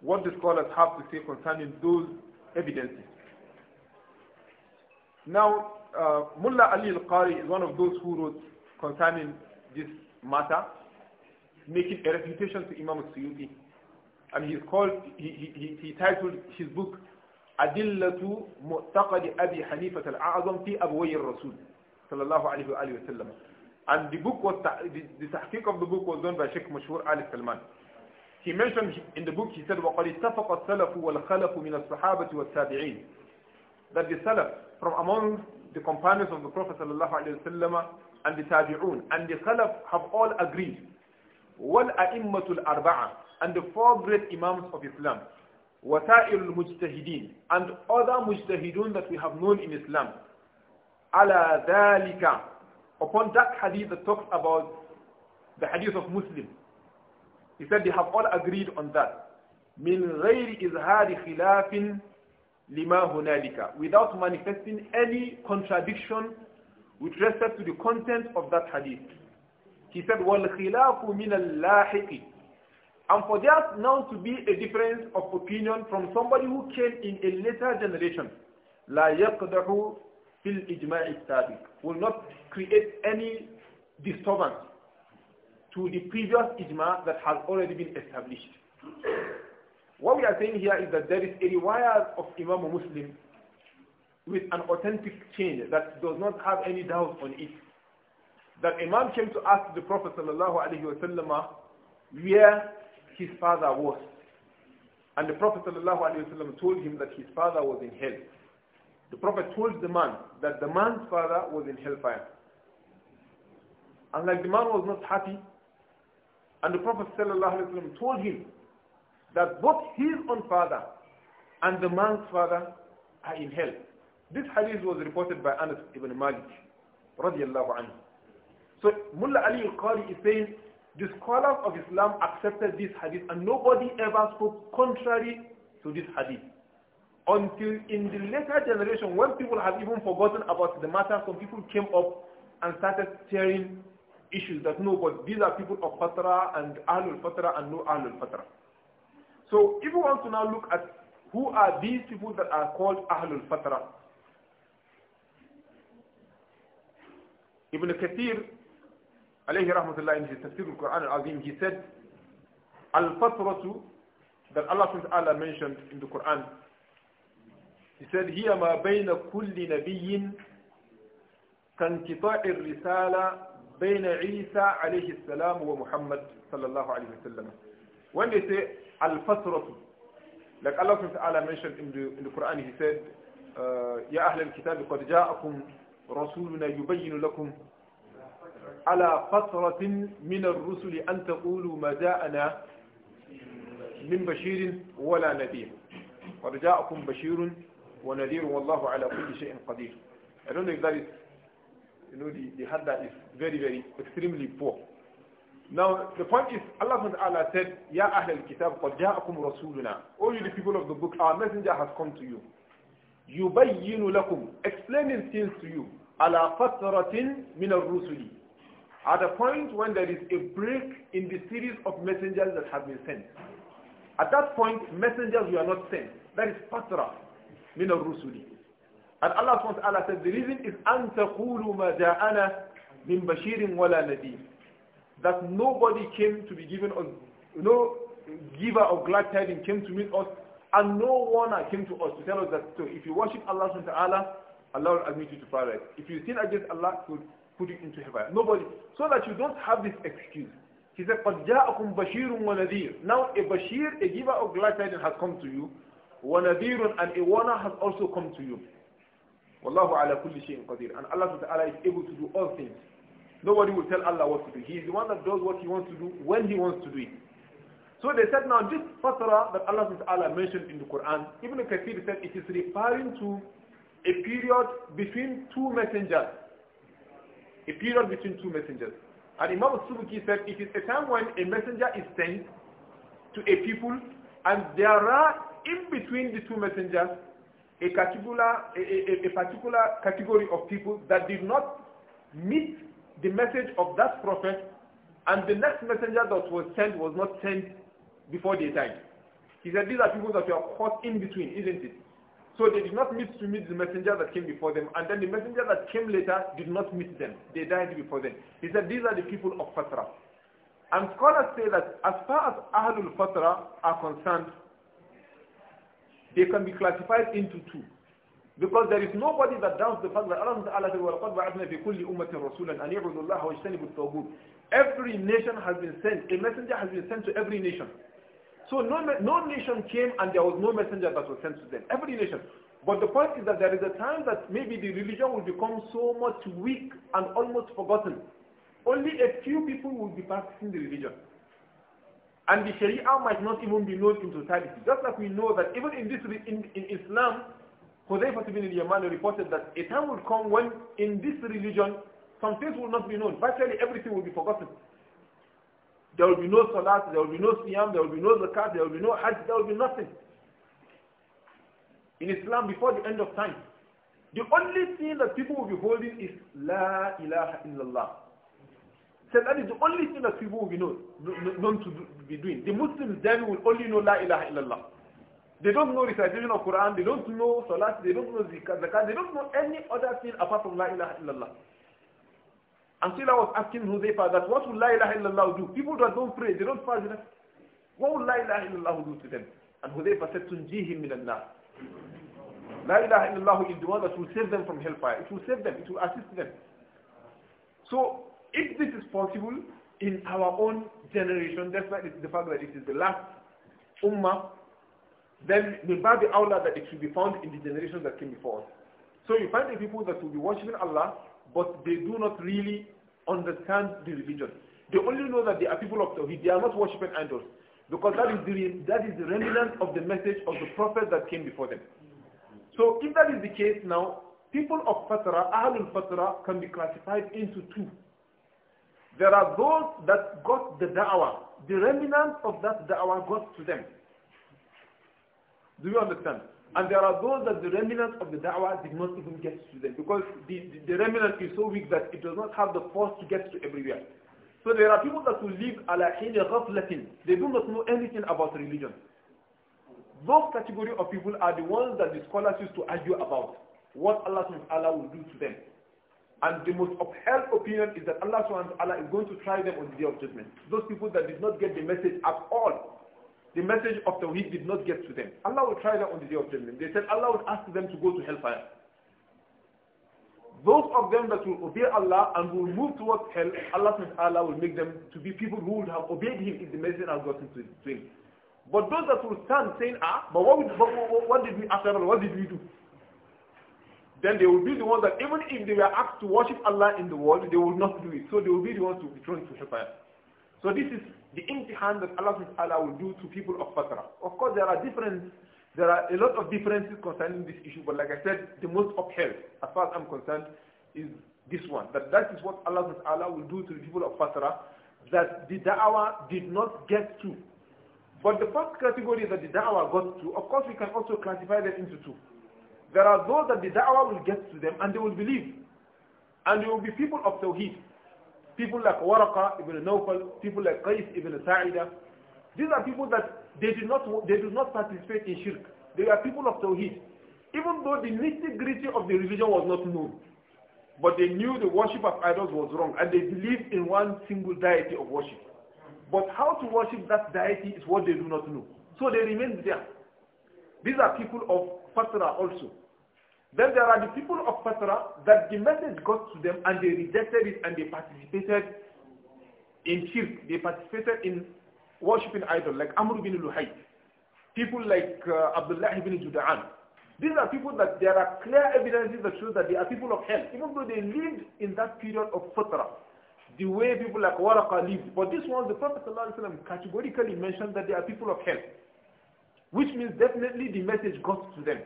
what the scholars have to say concerning those evidences. Now, uh, Mullah Ali al-Qari is one of those who wrote concerning this matter, making a refutation to Imam Suyuti. And he's called, he, he, he titled his book, Adillatu معتقد Abi Hanifat al في fi Abu al الله عليه وآله وسلم and the book was, the, the tahqiq of the book was done by Sheikh Mashur Ali Salman. He mentioned in the book, he said, وَقَدْ اتَّفَقَ السَّلَفُ وَالْخَلَفُ مِنَ الصَّحَابَةِ وَالتَّابِعِينَ That the Salaf, from among the companions of the Prophet ﷺ and the Tabi'un and the Khalaf have all agreed. وَالْأَئِمَّةُ الْأَرْبَعَةِ And the four great Imams of Islam. وَسَائِرُ الْمُجْتَهِدِينَ And other mujtahidun that we have known in Islam. عَلَى ذَلِكَ upon that hadith that talks about the hadith of Muslim. He said they have all agreed on that. من غير إظهار خلاف لما هنالك without manifesting any contradiction with respect to the content of that hadith. He said وَالْخِلَافُ مِنَ اللَّاحِقِ And for that now to be a difference of opinion from somebody who came in a later generation لا يقدح fil ijma'i sabiq will not create any disturbance to the previous ijma that has already been established. What we are saying here is that there is a riwayah of Imam Muslim with an authentic change that does not have any doubt on it. That Imam came to ask the Prophet ﷺ where his father was. And the Prophet wasallam told him that his father was in hell. The Prophet told the man that the man's father was in hellfire. And like the man was not happy, and the Prophet ﷺ told him that both his own father and the man's father are in hell. This hadith was reported by Anas ibn Malik anhu. So Mullah Ali al-Qari is saying the scholars of Islam accepted this hadith and nobody ever spoke contrary to this hadith until in the later generation when people have even forgotten about the matter, some people came up and started sharing issues that no, but these are people of Fatra and Ahlul Fatra and no Ahlul Fatra. So if we want to now look at who are these people that are called Ahlul Fatra, Ibn Kathir, alayhi rahmatullah, in his Tafsir al-Quran al-Azim, he said, Al-Fatratu, that Allah subhanahu wa ta'ala mentioned in the Quran, said hiya ma kulli nabiyyin kan kifa'ir risala baina isa alayhi salam sai muhammad sallallahu alayhi wa sallam when in the, in uh, ya ahlal kitab qad ja'akum rasuluna yubayyinu lakum ala فترة من الرسل أن تقولوا ما جاءنا من بشير ولا نذير قد جاءكم بشير وَنَذِيرٌ وَاللَّهُ عَلَى كُلِّ شَيْءٍ قَدِيرٌ I don't know if that is, you know, the, the had that is very, very, extremely poor. Now, the point is, Allah subhanahu wa ta'ala said, Ya Ahl al-Kitab, قَدْ جَاءَكُمْ رَسُولُنَا All you the people of the book, our messenger has come to you. يُبَيِّنُ لَكُمْ Explaining things to you. عَلَى قَطْرَةٍ مِنَ الرُّسُلِ At a point when there is a break in the series of messengers that have been sent. At that point, messengers were not sent. That is patra min ar-rusuli. And Allah SWT said, the reason is أَن تَقُولُوا مَا جَاءَنَا مِن بَشِيرٍ وَلَا نَذِيرٍ That nobody came to be given us, no giver of glad tidings came to meet us, and no one came to us to tell us that so if you worship Allah SWT, Allah will admit you to paradise. If you sin against Allah, He will put you into hellfire. Nobody. So that you don't have this excuse. He said, قَدْ جَاءَكُمْ بَشِيرٌ وَنَذِيرٌ Now a Bashir, a giver of glad tidings has come to you, وَنَذِيرٌ and a warner has also come to you. Wallahu ala kulli shayin qadir. And Allah Ta'ala is able to do all things. Nobody will tell Allah what to do. He is the one that does what he wants to do when he wants to do it. So they said now this fatara that Allah Ta'ala mentioned in the Quran, Ibn Kathir said it is referring to a period between two messengers. A period between two messengers. And Imam Subuki said it is a time when a messenger is sent to a people and there are in between the two messengers, a particular, a, a, a particular category of people that did not meet the message of that prophet and the next messenger that was sent was not sent before they died. He said these are people that were caught in between, isn't it? So they did not meet to meet the messenger that came before them, and then the messenger that came later did not meet them. They died before them. He said these are the people of Fatra. And scholars say that as far as Ahlul Fatra are concerned, they can be classified into two. Because there is nobody that doubts the fact that Allah Every nation has been sent, a messenger has been sent to every nation. So no, no nation came and there was no messenger that was sent to them. Every nation. But the point is that there is a time that maybe the religion will become so much weak and almost forgotten. Only a few people will be practicing the religion. And the Sharia might not even be known in totality. Just like we know that even in this in, in Islam, Hudayfa bin al-Yaman reported that a time will come when in this religion some things will not be known. Virtually everything will be forgotten. There will be no salat, there will be no siyam, there will be no zakat, there will be no hajj, there will be nothing. In Islam before the end of time. The only thing that people will be holding is La ilaha illallah that is the only thing that people will be known, known to be doing. The Muslims then will only know La ilaha illallah. They don't know recitation of Quran, they don't know Salat, they don't know Zikr, Zakat, they don't know any other thing apart from La ilaha illallah. Until I was asking Huzaifa that what will La ilaha illallah do? People that don't pray, they don't fast, what will La ilaha illallah do to them? And Huzaifa said, Tunjihim min al La ilaha illallah is the one that will save them from hellfire. It will save them, it will assist them. So if this is possible in our own generation, despite the fact that it is the last ummah, then the the Allah that it should be found in the generation that came before us. So you find the people that will be worshipping Allah, but they do not really understand the religion. They only know that they are people of Tawhid. They are not worshipping idols. Because that is, the, that is the remnant of the message of the prophet that came before them. So if that is the case now, people of Fatra, Ahlul Fatra, can be classified into two. There are those that got the da'wah. The remnant of that da'wah got to them. Do you understand? And there are those that the remnant of the da'wah did not even get to them because the, the, the remnant is so weak that it does not have the force to get to everywhere. So there are people that will live ala hini ghaflatin. They do not know anything about religion. Those category of people are the ones that the scholars used to argue about. What Allah subhanahu will do to them. And the most upheld opinion is that Allah subhanahu is going to try them on the day of judgment. Those people that did not get the message at all, the message of the Tawheed did not get to them. Allah will try them on the day of judgment. They said Allah would ask them to go to hellfire. Those of them that will obey Allah and will move towards hell, Allah subhanahu wa will make them to be people who would have obeyed him if the message had gotten to him. But those that will stand saying, ah, but what, what did we, ask Allah? what did we do? then they will be the ones that even if they were asked to worship Allah in the world, they will not do it. So they will be the ones to be thrown into hellfire. So this is the imtihan that Allah subhanahu will do to people of Fatra. Of course, there are different, there are a lot of differences concerning this issue, but like I said, the most upheld, as far as I'm concerned, is this one. That that is what Allah subhanahu will do to the people of Fatra, that the da'wah did not get to. But the first category that the da'wah got to, of course we can also classify them into two. There are those that the da'wah will get to them and they will believe. And they will be people of Tawheed. People like Waraqa ibn Nawfal, people like Qais ibn Sa'ida. These are people that they did not, they do not participate in shirk. They are people of Tawheed. Even though the nitty-gritty of the religion was not known. But they knew the worship of idols was wrong and they believed in one single deity of worship. But how to worship that deity is what they do not know. So they remain there. These are people of Fatra also. Then there are the people of Petra that the message got to them and they rejected it and they participated in shirk. They participated in worshipping idols like Amr bin Luhayt. People like uh, Abdullah ibn Juda'an. These are people that there are clear evidences that show that they are people of hell, even though they lived in that period of Fatra, the way people like Waraqa lived. But this one, the Prophet ﷺ categorically mentioned that they are people of hell, which means definitely the message got to them.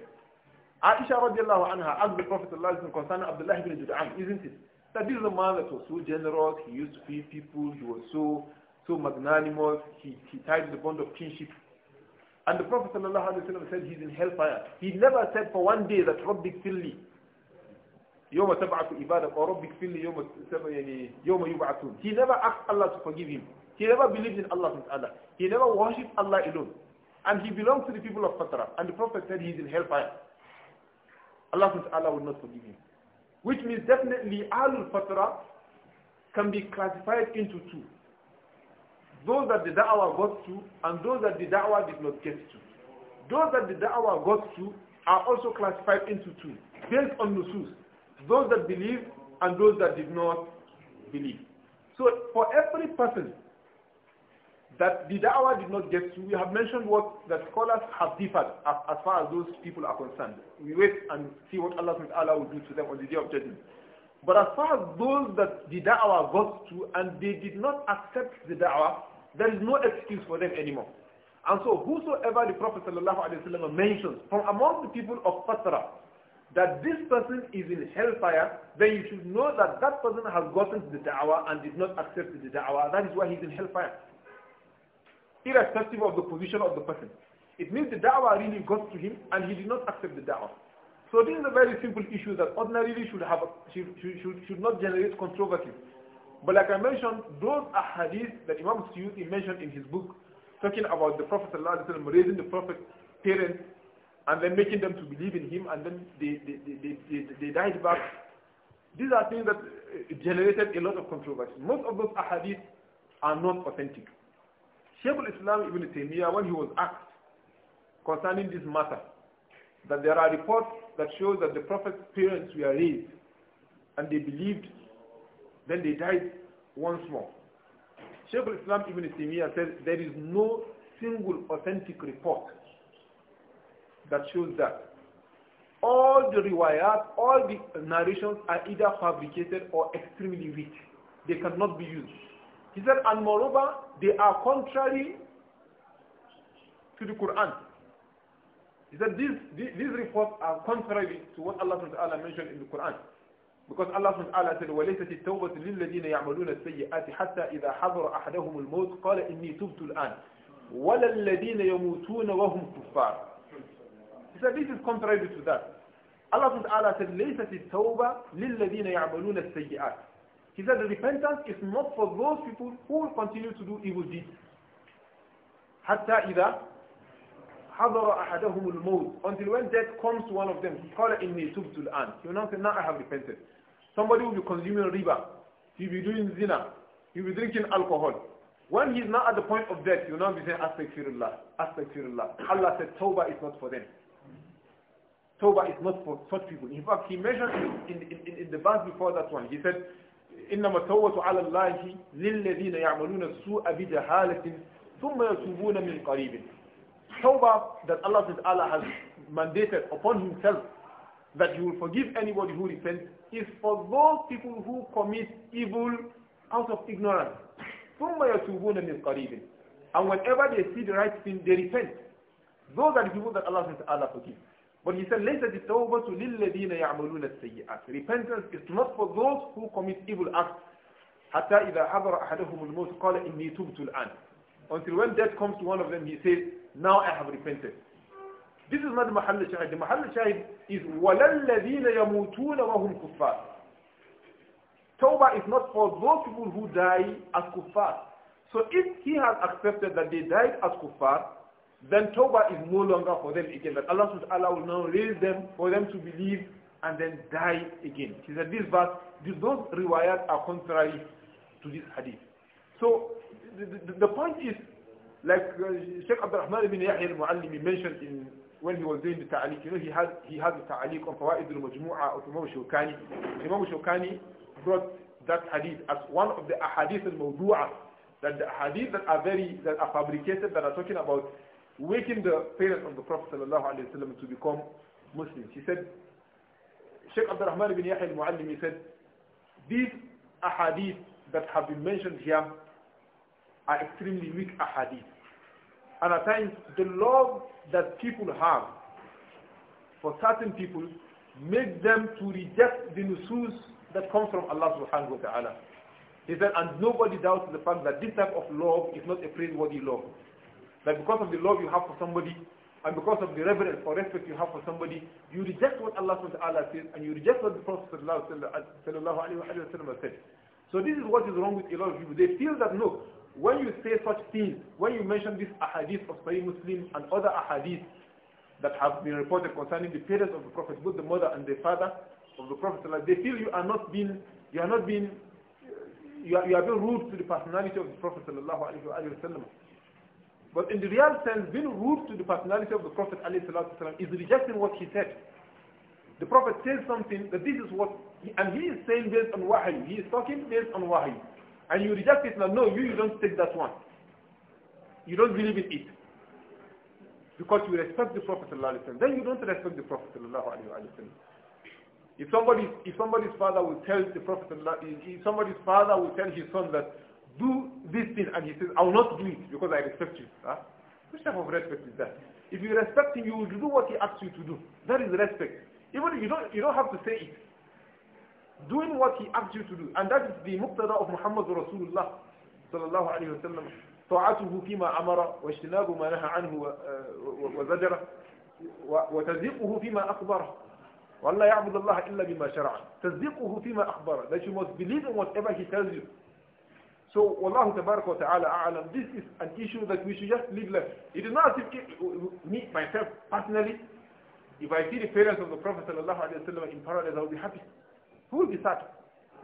Aisha radiallahu anha asked the Prophet concerning Abdullah ibn Jud'an, isn't it? That this is a man that was so generous, he used to feed people, he was so so magnanimous, he, he tied the bond of kinship. And the Prophet said he's in hellfire. He never said for one day that Rabbi Filli, يوم تبعث عبادك or ربك في لي يوم he never asked Allah to forgive him he never believed in Allah ta'ala he never worshipped Allah alone and he belonged to the people of Fatra and the prophet said he's in hellfire Allah Ta'ala will not forgive him. Which means definitely Ahlul Fatra can be classified into two. Those that the da'wah got to and those that the da'wah did not get to. Those that the da'wah got to are also classified into two based on nusus. Those that believe and those that did not believe. So for every person that the da'wah did not get to. We have mentioned what the scholars have differed as, as far as those people are concerned. We wait and see what Allah subhanahu will do to them on the day of judgment. But as far as those that the da'wah got to and they did not accept the da'wah, there is no excuse for them anymore. And so whosoever the Prophet ﷺ mentions from among the people of Fatra that this person is in hellfire, then you should know that that person has gotten the da'wah and did not accept the da'wah. That is why he's in hellfire irrespective of the position of the person. It means the da'wah really got to him and he did not accept the da'wah. So this is a very simple issue that ordinarily should, have, should, should, should not generate controversy. But like I mentioned, those ahadith that Imam Suyuti mentioned in his book, talking about the Prophet ﷺ raising the Prophet's parents and then making them to believe in him and then they, they, they, they, they died back. These are things that generated a lot of controversy. Most of those ahadith are not authentic. Shaykh al-Islam Ibn Taymiyyah, when he was asked concerning this matter, that there are reports that show that the Prophet's parents were raised and they believed, then they died once more. Shaykh al-Islam Ibn Taymiyyah said there is no single authentic report that shows that. All the riwayat, all the narrations are either fabricated or extremely weak. They cannot be used. He said, and moreover, they are contrary to the Quran. He said, these, these, these reports are contrary to what Allah SWT mentioned in the Quran. Because Allah SWT said, وَلَيْسَتِ التَّوْبَةُ لِلَّذِينَ يَعْمَلُونَ السَّيِّئَاتِ حَتَّى إِذَا حَضَرَ أَحَدَهُمُ الْمَوْتُ قَالَ إِنِّي تُبْتُ الْآنِ وَلَا الَّذِينَ يَمُوتُونَ وَهُمْ كُفَّارٌ He said, this is contrary to that. Allah SWT said, لَيْسَتِ التَّوْبَةُ لِلَّذِينَ يَعْمَلُونَ السَّيِّئَاتِ he said the repentance is not for those people who continue to do evil deeds. حتى إذا حضر أحدهم الموت until when death comes to one of them قال إني tubtul an. he will now say now I have repented somebody will be consuming riba he'll be doing zina he'll be drinking alcohol when he's now at the point of death he'll now be saying astaghfirullah astaghfirullah Allah said tawbah is not for them tawbah is not for such people in fact he mentioned in, in, in, in the verse before that one he said إنما التوبة على الله للذين يعملون السوء بجهالة ثم يتوبون من قريب Tawbah that Allah Ta'ala has mandated upon himself that he will forgive anybody who repents is for those people who commit evil out of ignorance. ثم يتوبون من قريب And whenever they see the right thing, they repent. Those are the people that Allah Ta'ala forgives. But he said, لَيْسَ التَّوْبَةُ لِلَّذِينَ يَعْمَلُونَ السَّيِّئَاتِ Repentance is not for those who commit evil acts. حَتَّى إِذَا حَضَرَ أَحَدَهُمُ الْمَوْتِ قَالَ إِنِّي تُبْتُ الْآنِ Until when death comes to one of them, he says, now I have repented. This is not the Mahal Shahid. The Mahal Shahid is وَلَلَّذِينَ يَمُوتُونَ وَهُمْ كُفَّارِ Tawbah is not for those people who die as kuffar. So if he has accepted that they died as kuffar, then Tawbah is no longer for them again. But Allah subhanahu wa ta'ala will now raise them for them to believe and then die again. He said this verse, those riwayat are contrary to this hadith. So the, the, the point is, like uh, Sheikh Abdul Rahman ibn Yahya al-Mu'allimi mentioned in, when he was doing the ta'aliq, you know, he had, he had the ta'aliq on Fawaid al-Majmu'a of Imam Shawkani. Imam Shawkani brought that hadith as one of the ahadith al-mawdu'a, that the hadith that are very, that are fabricated, that are talking about waking the parents of the Prophet ﷺ to become Muslims. He said, Sheikh Abdurrahman ibn Yahya al-Mu'allimi said, these ahadith that have been mentioned here are extremely weak ahadith. And at times, the love that people have for certain people make them to reject the nusus that comes from Allah subhanahu wa ta'ala. He said, and nobody doubts the fact that this type of love is not a praiseworthy love. That because of the love you have for somebody, and because of the reverence or respect you have for somebody, you reject what Allah SWT says, and you reject what the Prophet ﷺ said. So this is what is wrong with a lot of people. They feel that, no, when you say such things, when you mention this ahadith of Sahih Muslim and other ahadith that have been reported concerning the parents of the Prophet, both the mother and the father of the Prophet, they feel you are not being, you are not being, you are, you are being rude to the personality of the Prophet sallallahu alaihi wasallam. But in the real sense, being rude to the personality of the Prophet ﷺ is rejecting what he said. The Prophet says something that this is what, and he is saying based on wahi. He is talking based on wahi. And you reject it now. No, you, you don't take that one. You don't believe in it. Because you respect the Prophet ﷺ. Then you don't respect the Prophet ﷺ. If somebody, if somebody's father will tell the Prophet, if somebody's father will tell his son that do this thing and he says, I will not do it because I respect you. Huh? Which type of respect is that? If you respect him, you will do what he asks you to do. That is respect. Even if you don't, you don't have to say it. Doing what he asks you to do. And that is the muqtada of Muhammad Rasulullah sallallahu alayhi wa sallam. طاعته فيما أمر واجتناب ما نهى عنه وزجره وتزيقه فيما أخبره وأن لا يعبد الله إلا بما شرع تزيقه فيما أخبره that you must believe in whatever he tells you so Wallahu tabaraka ta'ala a'lam. This is an issue that we should just leave left. It is not as if me, myself, personally, if I see the parents of the Prophet sallallahu alaihi wasallam in paradise, I will be happy. Who will be sad?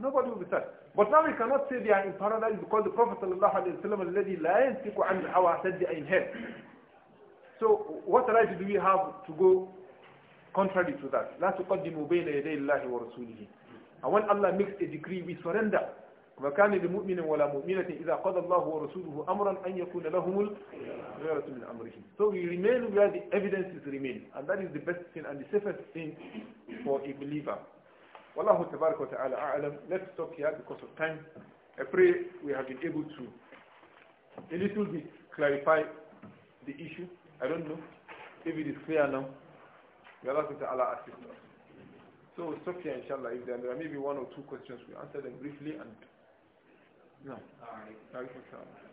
Nobody will be sad. But now we cannot say they are in paradise because the Prophet sallallahu alaihi wasallam already la yantiqu and hawa said they are in hell. So what right do we have to go contrary to that? لا تقدموا بين يدي الله ورسوله. And when Allah makes a decree, we surrender. لمؤمن ولا مؤمنة إذا قضى الله ورسوله أمرا أن يكون لهم الغيرة من أمرهم. So we remain where the evidences remain. And that is the best thing and the safest thing for a believer. Wallahu tabarak wa ta'ala Let's stop here because of time. I pray we have been able to a little bit clarify the issue. I don't know if it is clear now. We are asking assist us. So stop here inshallah. If there are maybe one or two questions, we answer them briefly and نعم تعرف إن شاء الله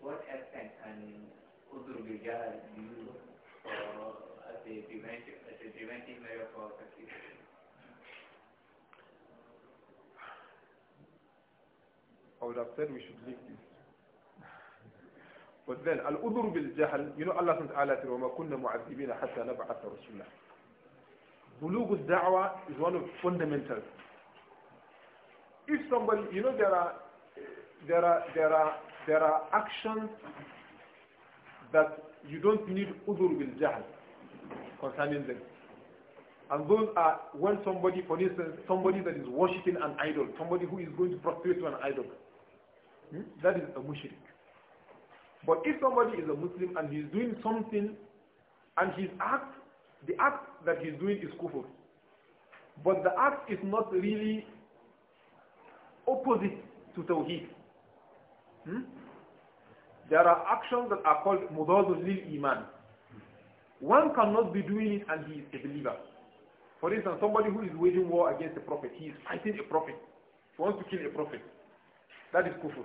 What extent can Udur Bija use for, as a preventive, as a preventive measure for success? I would have said we should leave this. But then, al-udhur bil-jahl, you know Allah ta'ala said, وَمَا كُنَّ مُعَذِّبِينَ حَتَّى نَبْعَثَ رَسُولًا Bulugh al-da'wah is one of the fundamentals. If somebody, you know there are there are, there are, there are actions that you don't need udur bil jahl concerning them. And those are when somebody, for instance, somebody that is worshipping an idol, somebody who is going to prostrate to an idol, hmm? that is a mushrik. But if somebody is a Muslim and he's doing something and his act, the act that he's doing is kufr, but the act is not really opposite to tawheed, Hmm? There are actions that are called mudadul lil iman. One cannot be doing it and he is a believer. For instance, somebody who is waging war against a prophet, he is fighting a prophet. He wants to kill a prophet. That is kufr.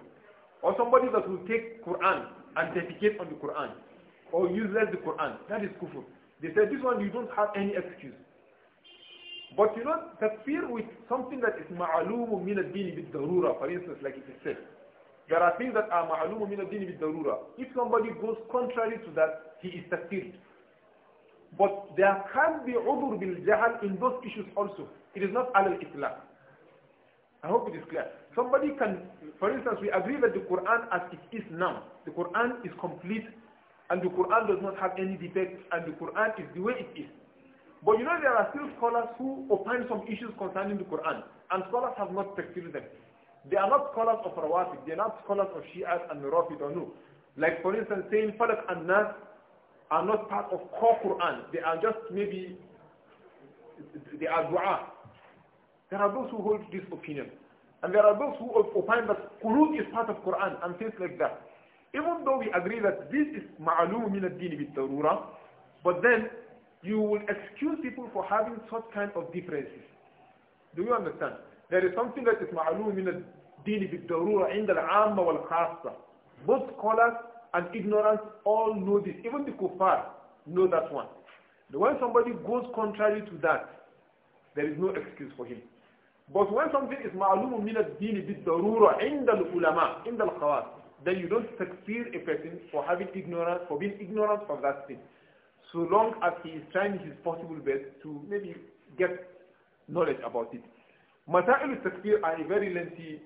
Or somebody that will take Quran and dedicate on the Quran. Or useless the Quran. That is kufr. They said this one you don't have any excuse. But you know, takfir with something that is ma'alumu min ad-din bid-darura, for instance, like it is said. There are things that are ma'alumu min ad-din bid-darura. If somebody goes contrary to that, he is takfir. But there can be udur bil-jahal in those issues also. It is not al-islam. I hope it is clear. Somebody can, for instance, we agree that the Quran as it is now, the Quran is complete and the Quran does not have any defects and the Quran is the way it is. But you know there are still scholars who opine some issues concerning the Quran and scholars have not takfir them. They are not scholars of Rawafid. They are not scholars of Shi'as and Rawafid or no. Like for instance, saying Falak and Nas are not part of core Quran. They are just maybe, they are dua. There are those who hold this opinion. And there are those who opine that Quran is part of Quran and things like that. Even though we agree that this is ma'alum min ad-din bit tarura, but then you will excuse people for having such kind of differences. Do you understand? There is something that is ma'alum min الدين بالضرورة عند العامة والخاصة both scholars and ignorance all know this even the kuffar know that one when somebody goes contrary to that there is no excuse for him but when something is معلوم من الدين بالضرورة ulama العلماء عند then you don't succeed a person for having ignorance for being ignorant of that thing so long as he is trying his possible best to maybe get knowledge about it. Mata'il al-takfir are a very lengthy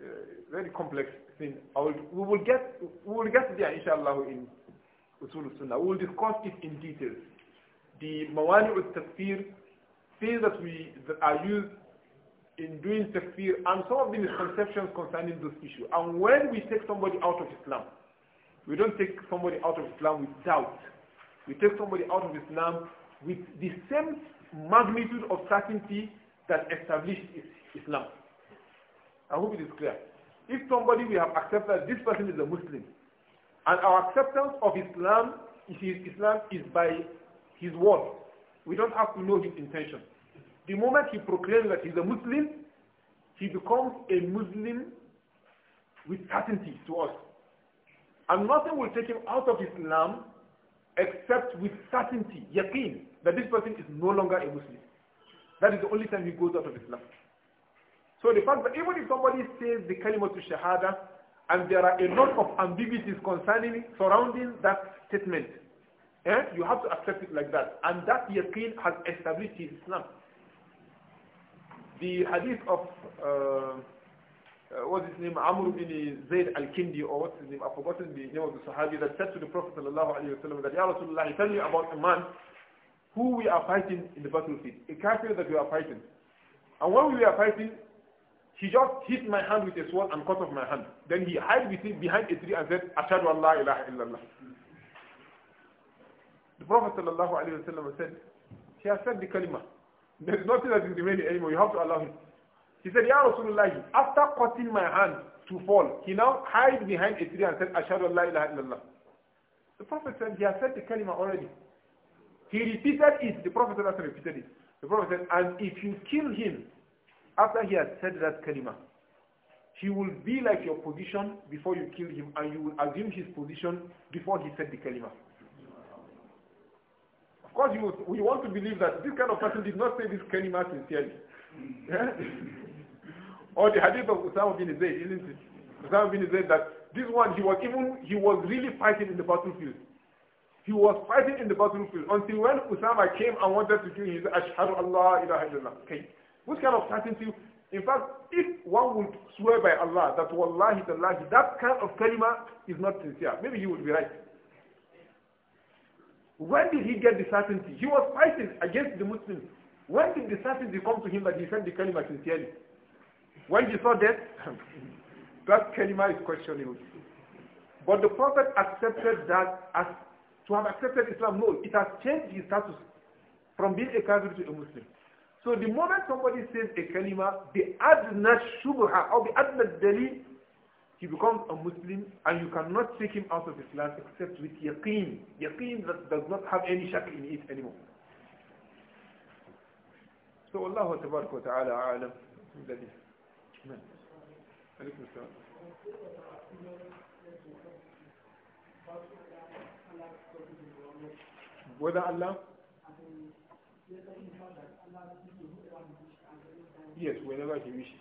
uh, very complex thing. Will, we will get we will get there inshallah in Usul Sunnah. We will discuss it in detail. The mawani al tafsir things that we that are used in doing tafsir and some of the misconceptions concerning this issue. And when we take somebody out of Islam, we don't take somebody out of Islam with doubt. We take somebody out of Islam with the same magnitude of certainty that established Islam. I hope it is clear. If somebody we have accepted, this person is a Muslim, and our acceptance of Islam, Islam is by his word. We don't have to know his intention. The moment he proclaims that he's a Muslim, he becomes a Muslim with certainty to us. And nothing will take him out of Islam except with certainty, yaqeen, that this person is no longer a Muslim. That is the only time he goes out of Islam. So the fact that even if somebody says the kalimatu shahada, and there are a lot of ambiguities concerning surrounding that statement, eh, you have to accept it like that. And that yaqeen has established in Islam. The hadith of, uh, uh what's his name, Amr bin Zayd al-Kindi, or what's his name, I've forgotten the name of the Sahabi, that said to the Prophet ﷺ that, Ya Rasulullah, tell me about a man who we are fighting in the battlefield, a kafir that we are fighting. And when we are fighting, he just hit my hand with a sword and cut off my hand. Then he hid behind a tree and said, Ashadu Allah ilaha illallah. The Prophet said, he has said the kalima. There's nothing that is remaining anymore. You have to allow him. He said, Ya Rasulullah, after cutting my hand to fall, he now hid behind a tree and said, Ashadu Allah ilaha illallah. The Prophet said, he has said the kalima already. He repeated it. The Prophet repeated it. The Prophet said, and if you kill him, after he has said that kalima, he will be like your position before you kill him and you will assume his position before he said the kalima. Of course, you, we want to believe that this kind of person did not say this kalima sincerely. or the hadith of Usama bin Zayd, isn't it? Usama bin Zayd that this one, he was even, he was really fighting in the battlefield. He was fighting in the battlefield until when Usama came and wanted to kill him, he said, Ashhadu Allah ilaha illallah. Okay. Which kind of certainty? In fact, if one would swear by Allah that wallahi tallahi, that kind of kalima is not sincere, maybe he would be right. When did he get the certainty? He was fighting against the Muslims. When did the certainty come to him that he said the kalima sincerely? When he saw death, that kalima is questionable. But the Prophet accepted that as to have accepted Islam. No, it has changed his status from being a Kafir to a Muslim. So the moment somebody says a kalima, the adna shubha or the adna dali, he becomes a Muslim and you cannot take him out of Islam except with yaqeen. Yaqeen that does not have any shak in it anymore. So Allah tabaraka wa ta'ala alam. Whether Allah? Yes, whenever he wishes.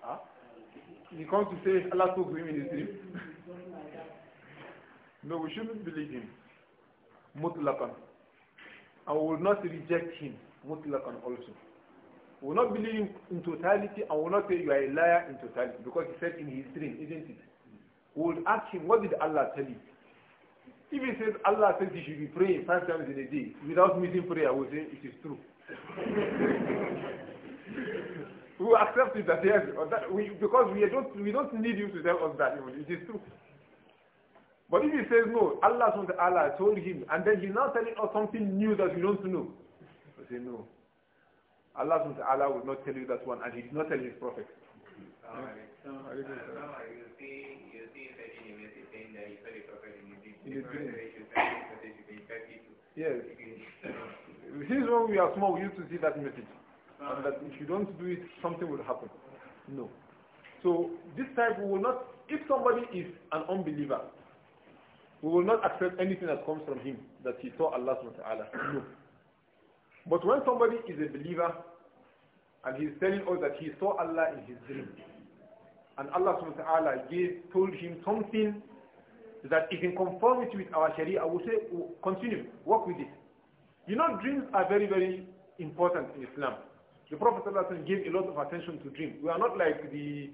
Huh? He comes to say Allah spoke to him in his dream. no, we shouldn't believe him. Mutlakan. And we will not reject him. Mutlakan also. We will not believe him in totality and we will not say you are a liar in totality because he said in his dream, isn't it? would ask him, what did Allah tell you? If he says Allah says you should be praying five times in a day without missing prayer, we say it is true. we accept it that yes, that we, because we don't we don't need you to tell us that it is true. But if he says no, Allah Allah told him, and then he's now telling us something new that we don't know, we say no. Allah Allah will not tell you that one, and he did not tell his prophet. So, Yes. Since when we are small, we used to see that message. And uh-huh. that if you don't do it, something will happen. No. So this type, we will not, if somebody is an unbeliever, we will not accept anything that comes from him that he saw Allah subhanahu wa ta'ala. No. But when somebody is a believer and he's telling us that he saw Allah in his dream, and Allah subhanahu wa ta'ala gave, told him something that is in conformity with our Sharia, I will say, continue, work with it. You know, dreams are very, very important in Islam. The Prophet gave a lot of attention to dreams. We are not like the,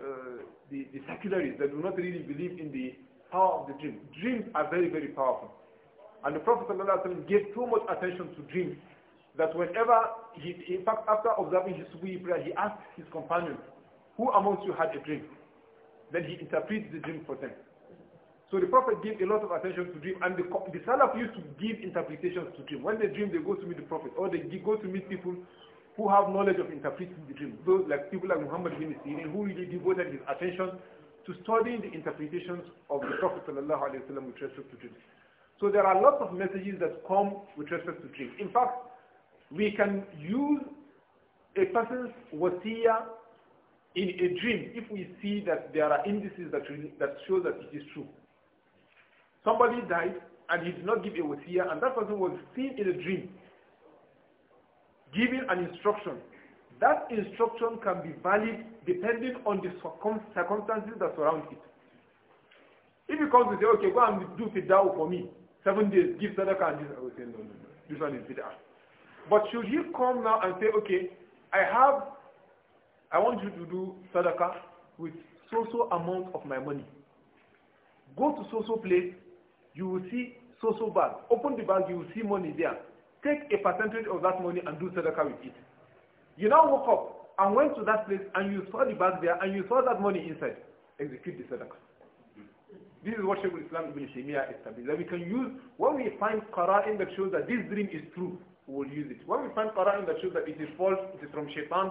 uh, the, the secularists that do not really believe in the power of the dream. Dreams are very, very powerful. And the Prophet gave so much attention to dreams that whenever, he, in fact, after observing his Subuhi prayer, he asked his companions, who amongst you had a dream? Then he interprets the dream for them. So the Prophet gave a lot of attention to dream, and the, the Salaf used to give interpretations to dream. When they dream, they go to meet the Prophet, or they go to meet people who have knowledge of interpreting the dream. Those like people like Muhammad bin Sirin, who really devoted his attention to studying the interpretations of the Prophet وسلم, with respect to dreams. So there are lots of messages that come with respect to dreams. In fact, we can use a person's wasiyah in a dream if we see that there are indices that, that show that it is true. Somebody died and he did not give a here, and that person was seen in a dream giving an instruction. That instruction can be valid depending on the circumstances that surround it. If you come to say, okay, go and do fidao for me, seven days, give sadaqah and this, I will say, no, no, no, this one is bid'ah. But should he come now and say, okay, I have I want you to do sadaqah with so-so amount of my money. Go to so-so place, you will see so-so bag. Open the bag, you will see money there. Take a percentage of that money and do sadaqah with it. You now woke up and went to that place and you saw the bag there and you saw that money inside. Execute the sadaqah. This is what Shaykh Islam Ibn Taymiyyah established. That we can use, when we find qara'in that shows that this dream is true, we will use it. When we find qara'in that shows that it is false, it is from shaitan,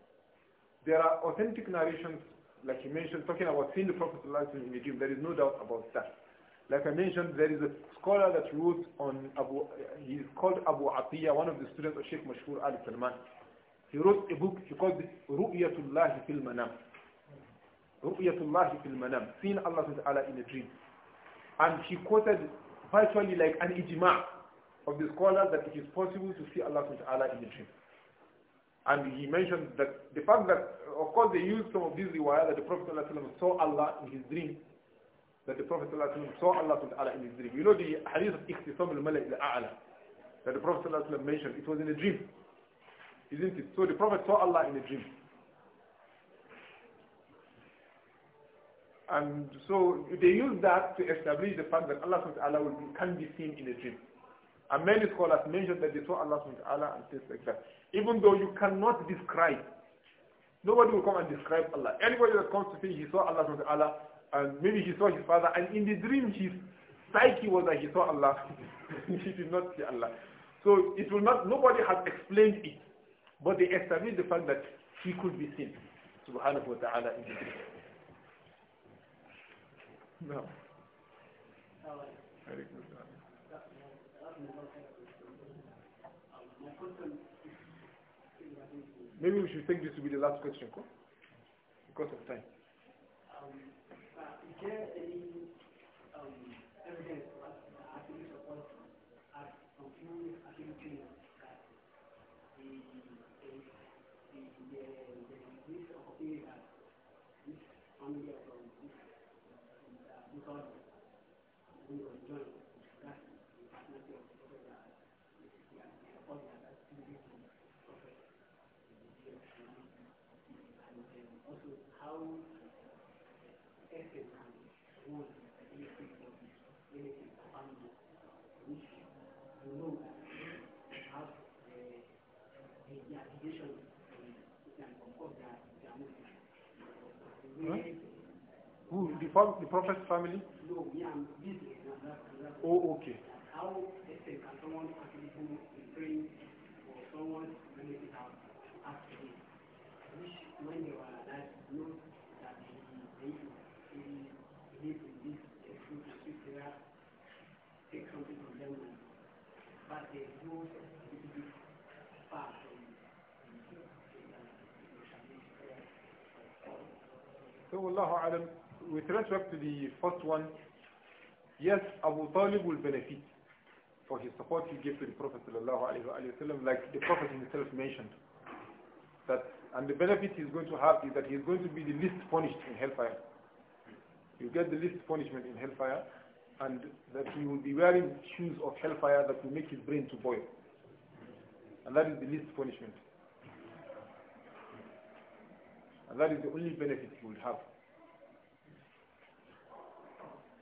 There are authentic narrations, like you mentioned, talking about seeing the Prophet in a dream. There is no doubt about that. Like I mentioned, there is a scholar that wrote on Abu, he is called Abu Atiyah, one of the students of Sheikh Mashhur Al Salman. He wrote a book, he called it Ru'yatullah fil Manam. Ru'yatullah fil Manam, seeing Allah subhanahu in a dream. And he quoted virtually like an ijma' of the scholars that it is possible to see Allah subhanahu in a dream. And he mentioned that the fact that, of course, they used some of these riwayah that the Prophet saw Allah in his dream, that the Prophet saw Allah Ta'ala in his dream. You know the hadith of Iqtisam al-Malay al-A'la that the Prophet mentioned, it was in a dream, isn't it? So the Prophet saw Allah in a dream. And so they use that to establish the fact that Allah Ta'ala can be seen in a dream. And many scholars mentioned that they saw Allah Ta'ala and things like that even though you cannot describe. Nobody will come and describe Allah. Anybody that comes to say he saw Allah from Allah, and maybe he saw his father, and in the dream his psyche was that he saw Allah. he did not see Allah. So it will not, nobody has explained it. But they establish the fact that he could be seen. Subhanahu wa ta'ala in the dream. No. Maybe we should take this to be the last question, ko? because of time. Um, uh, is there any um, evidence that actually supports as confused activity that the this opportunity that this family from this uh, because the Prophet's family? No, me, I'm busy. Oh, okay. How can someone praying for out after this? when they were alive, knows that in this take something from them, but they go a little bit far from the with respect to the first one, yes, Abu Talib will benefit for his support he gave to the Prophet وسلم, like the Prophet himself mentioned. That and the benefit he's going to have is that he's going to be the least punished in hellfire. You get the least punishment in hellfire and that he will be wearing shoes of hellfire that will make his brain to boil. And that is the least punishment. And that is the only benefit he will have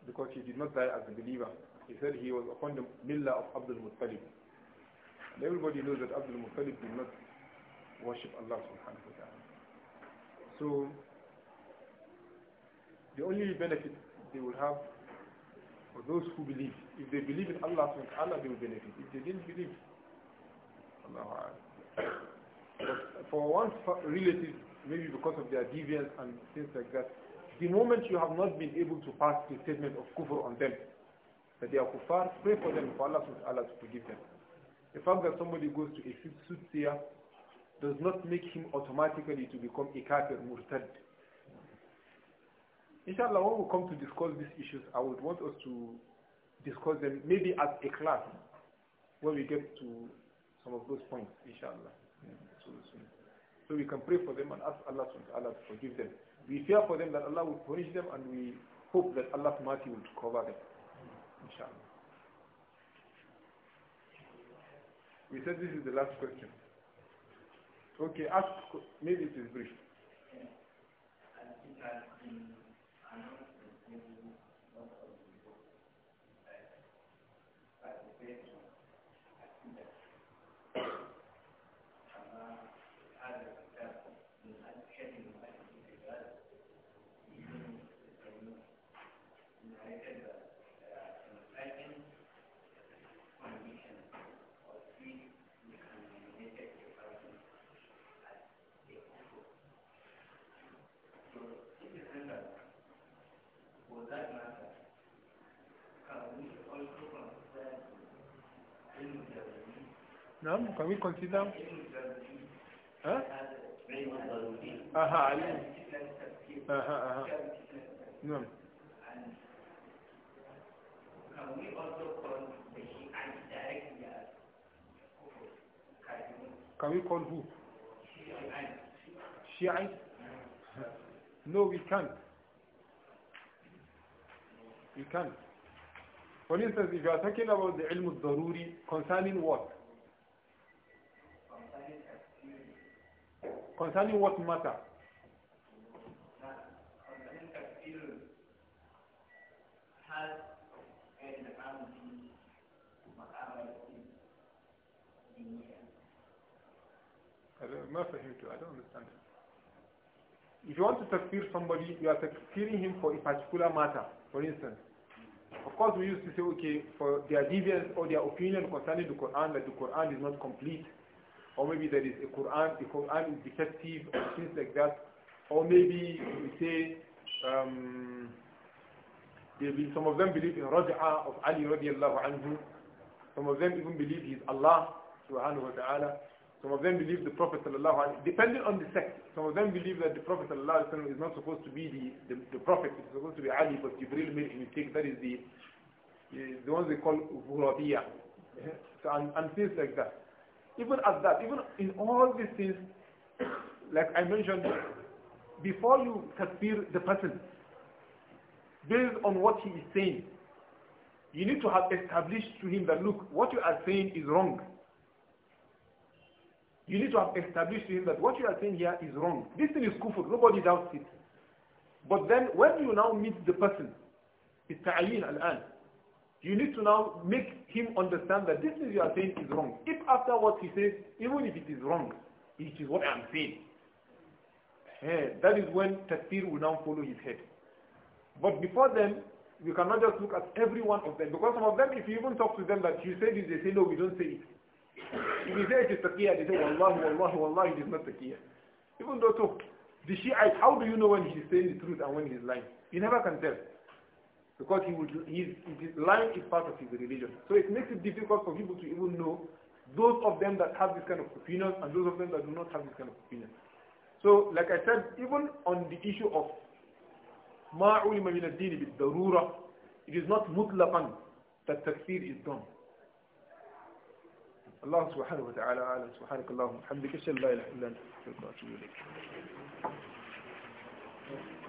because he did not die as a believer. He said he was upon the millah of Abdul Muttalib. And everybody knows that Abdul Muttalib did not worship Allah subhanahu wa ta'ala. So the only benefit they will have for those who believe. If they believe in Allah subhanahu wa ta'ala, they will benefit. If they didn't believe, Allah But for one's relative, maybe because of their deviance and things like that, the moment you have not been able to pass the statement of kufr on them, that they are kuffar, pray for them for Allah, Allah to forgive them. The fact that somebody goes to a soothsayer does not make him automatically to become a kafir murtad. Inshallah, when we come to discuss these issues, I would want us to discuss them maybe at a class when we get to some of those points, inshallah. So, so we can pray for them and ask Allah to forgive them we fear for them that Allah will punish them and we hope that Allah's mercy will cover them. Inshallah. We said this is the last question. Okay, ask, maybe it is brief. Yeah. نعم كم يكون consider ها اها علم اها اها نعم Can we call who? Shia? No, we can't. We can't. For instance, if you are talking about the ilm al-daruri concerning what? Concerning what matter? I don't understand If you want to takfir somebody, you are takfiring him for a particular matter. For instance, of course we used to say, okay, for their deviance or their opinion concerning the Quran, that the Quran is not complete, or maybe there is a Quran, the Quran is deceptive, or things like that, or maybe we say um, some of them believe in Raj'a of Ali radiallahu anhu, some of them even believe he is Allah subhanahu wa ta'ala, some of them believe the Prophet sallallahu depending on the sect, some of them believe that the Prophet sallallahu is not supposed to be the, the, the Prophet, it's supposed to be Ali, but Jibril made a mistake, that is the, the ones they call Hurabiyah, and, and things like that even at that, even in all these things, like I mentioned, before you takfir the person, based on what he is saying, you need to have established to him that, look, what you are saying is wrong. You need to have established to him that what you are saying here is wrong. This thing is kufr, nobody doubts it. But then when you now meet the person, it's ta'ayin al-an, you need to now make him understand that this is you are saying is wrong. If after what he says, even if it is wrong, it is what I am saying. Eh, that is when takfir will now follow his head. But before then, you cannot just look at every one of them. Because some of them, if you even talk to them that you say this, they say, no, we don't say it. If you say it is taqiyah, they say, Allah, Allah, wallahi, it is not taqiyah. Even though, so, the Shiite, how do you know when he is saying the truth and when he is lying? You never can tell. Because he would, his, his lying is part of his religion. So it makes it difficult for people to even know those of them that have this kind of opinion and those of them that do not have this kind of opinion. So, like I said, even on the issue of ما علم من الدين darura. it is not مطلقا that takfir is done. الله سبحانه وتعالى أعلم سبحانك اللهم وبحمدك أشهد أن لا إله إلا أنت أستغفرك وأتوب إليك.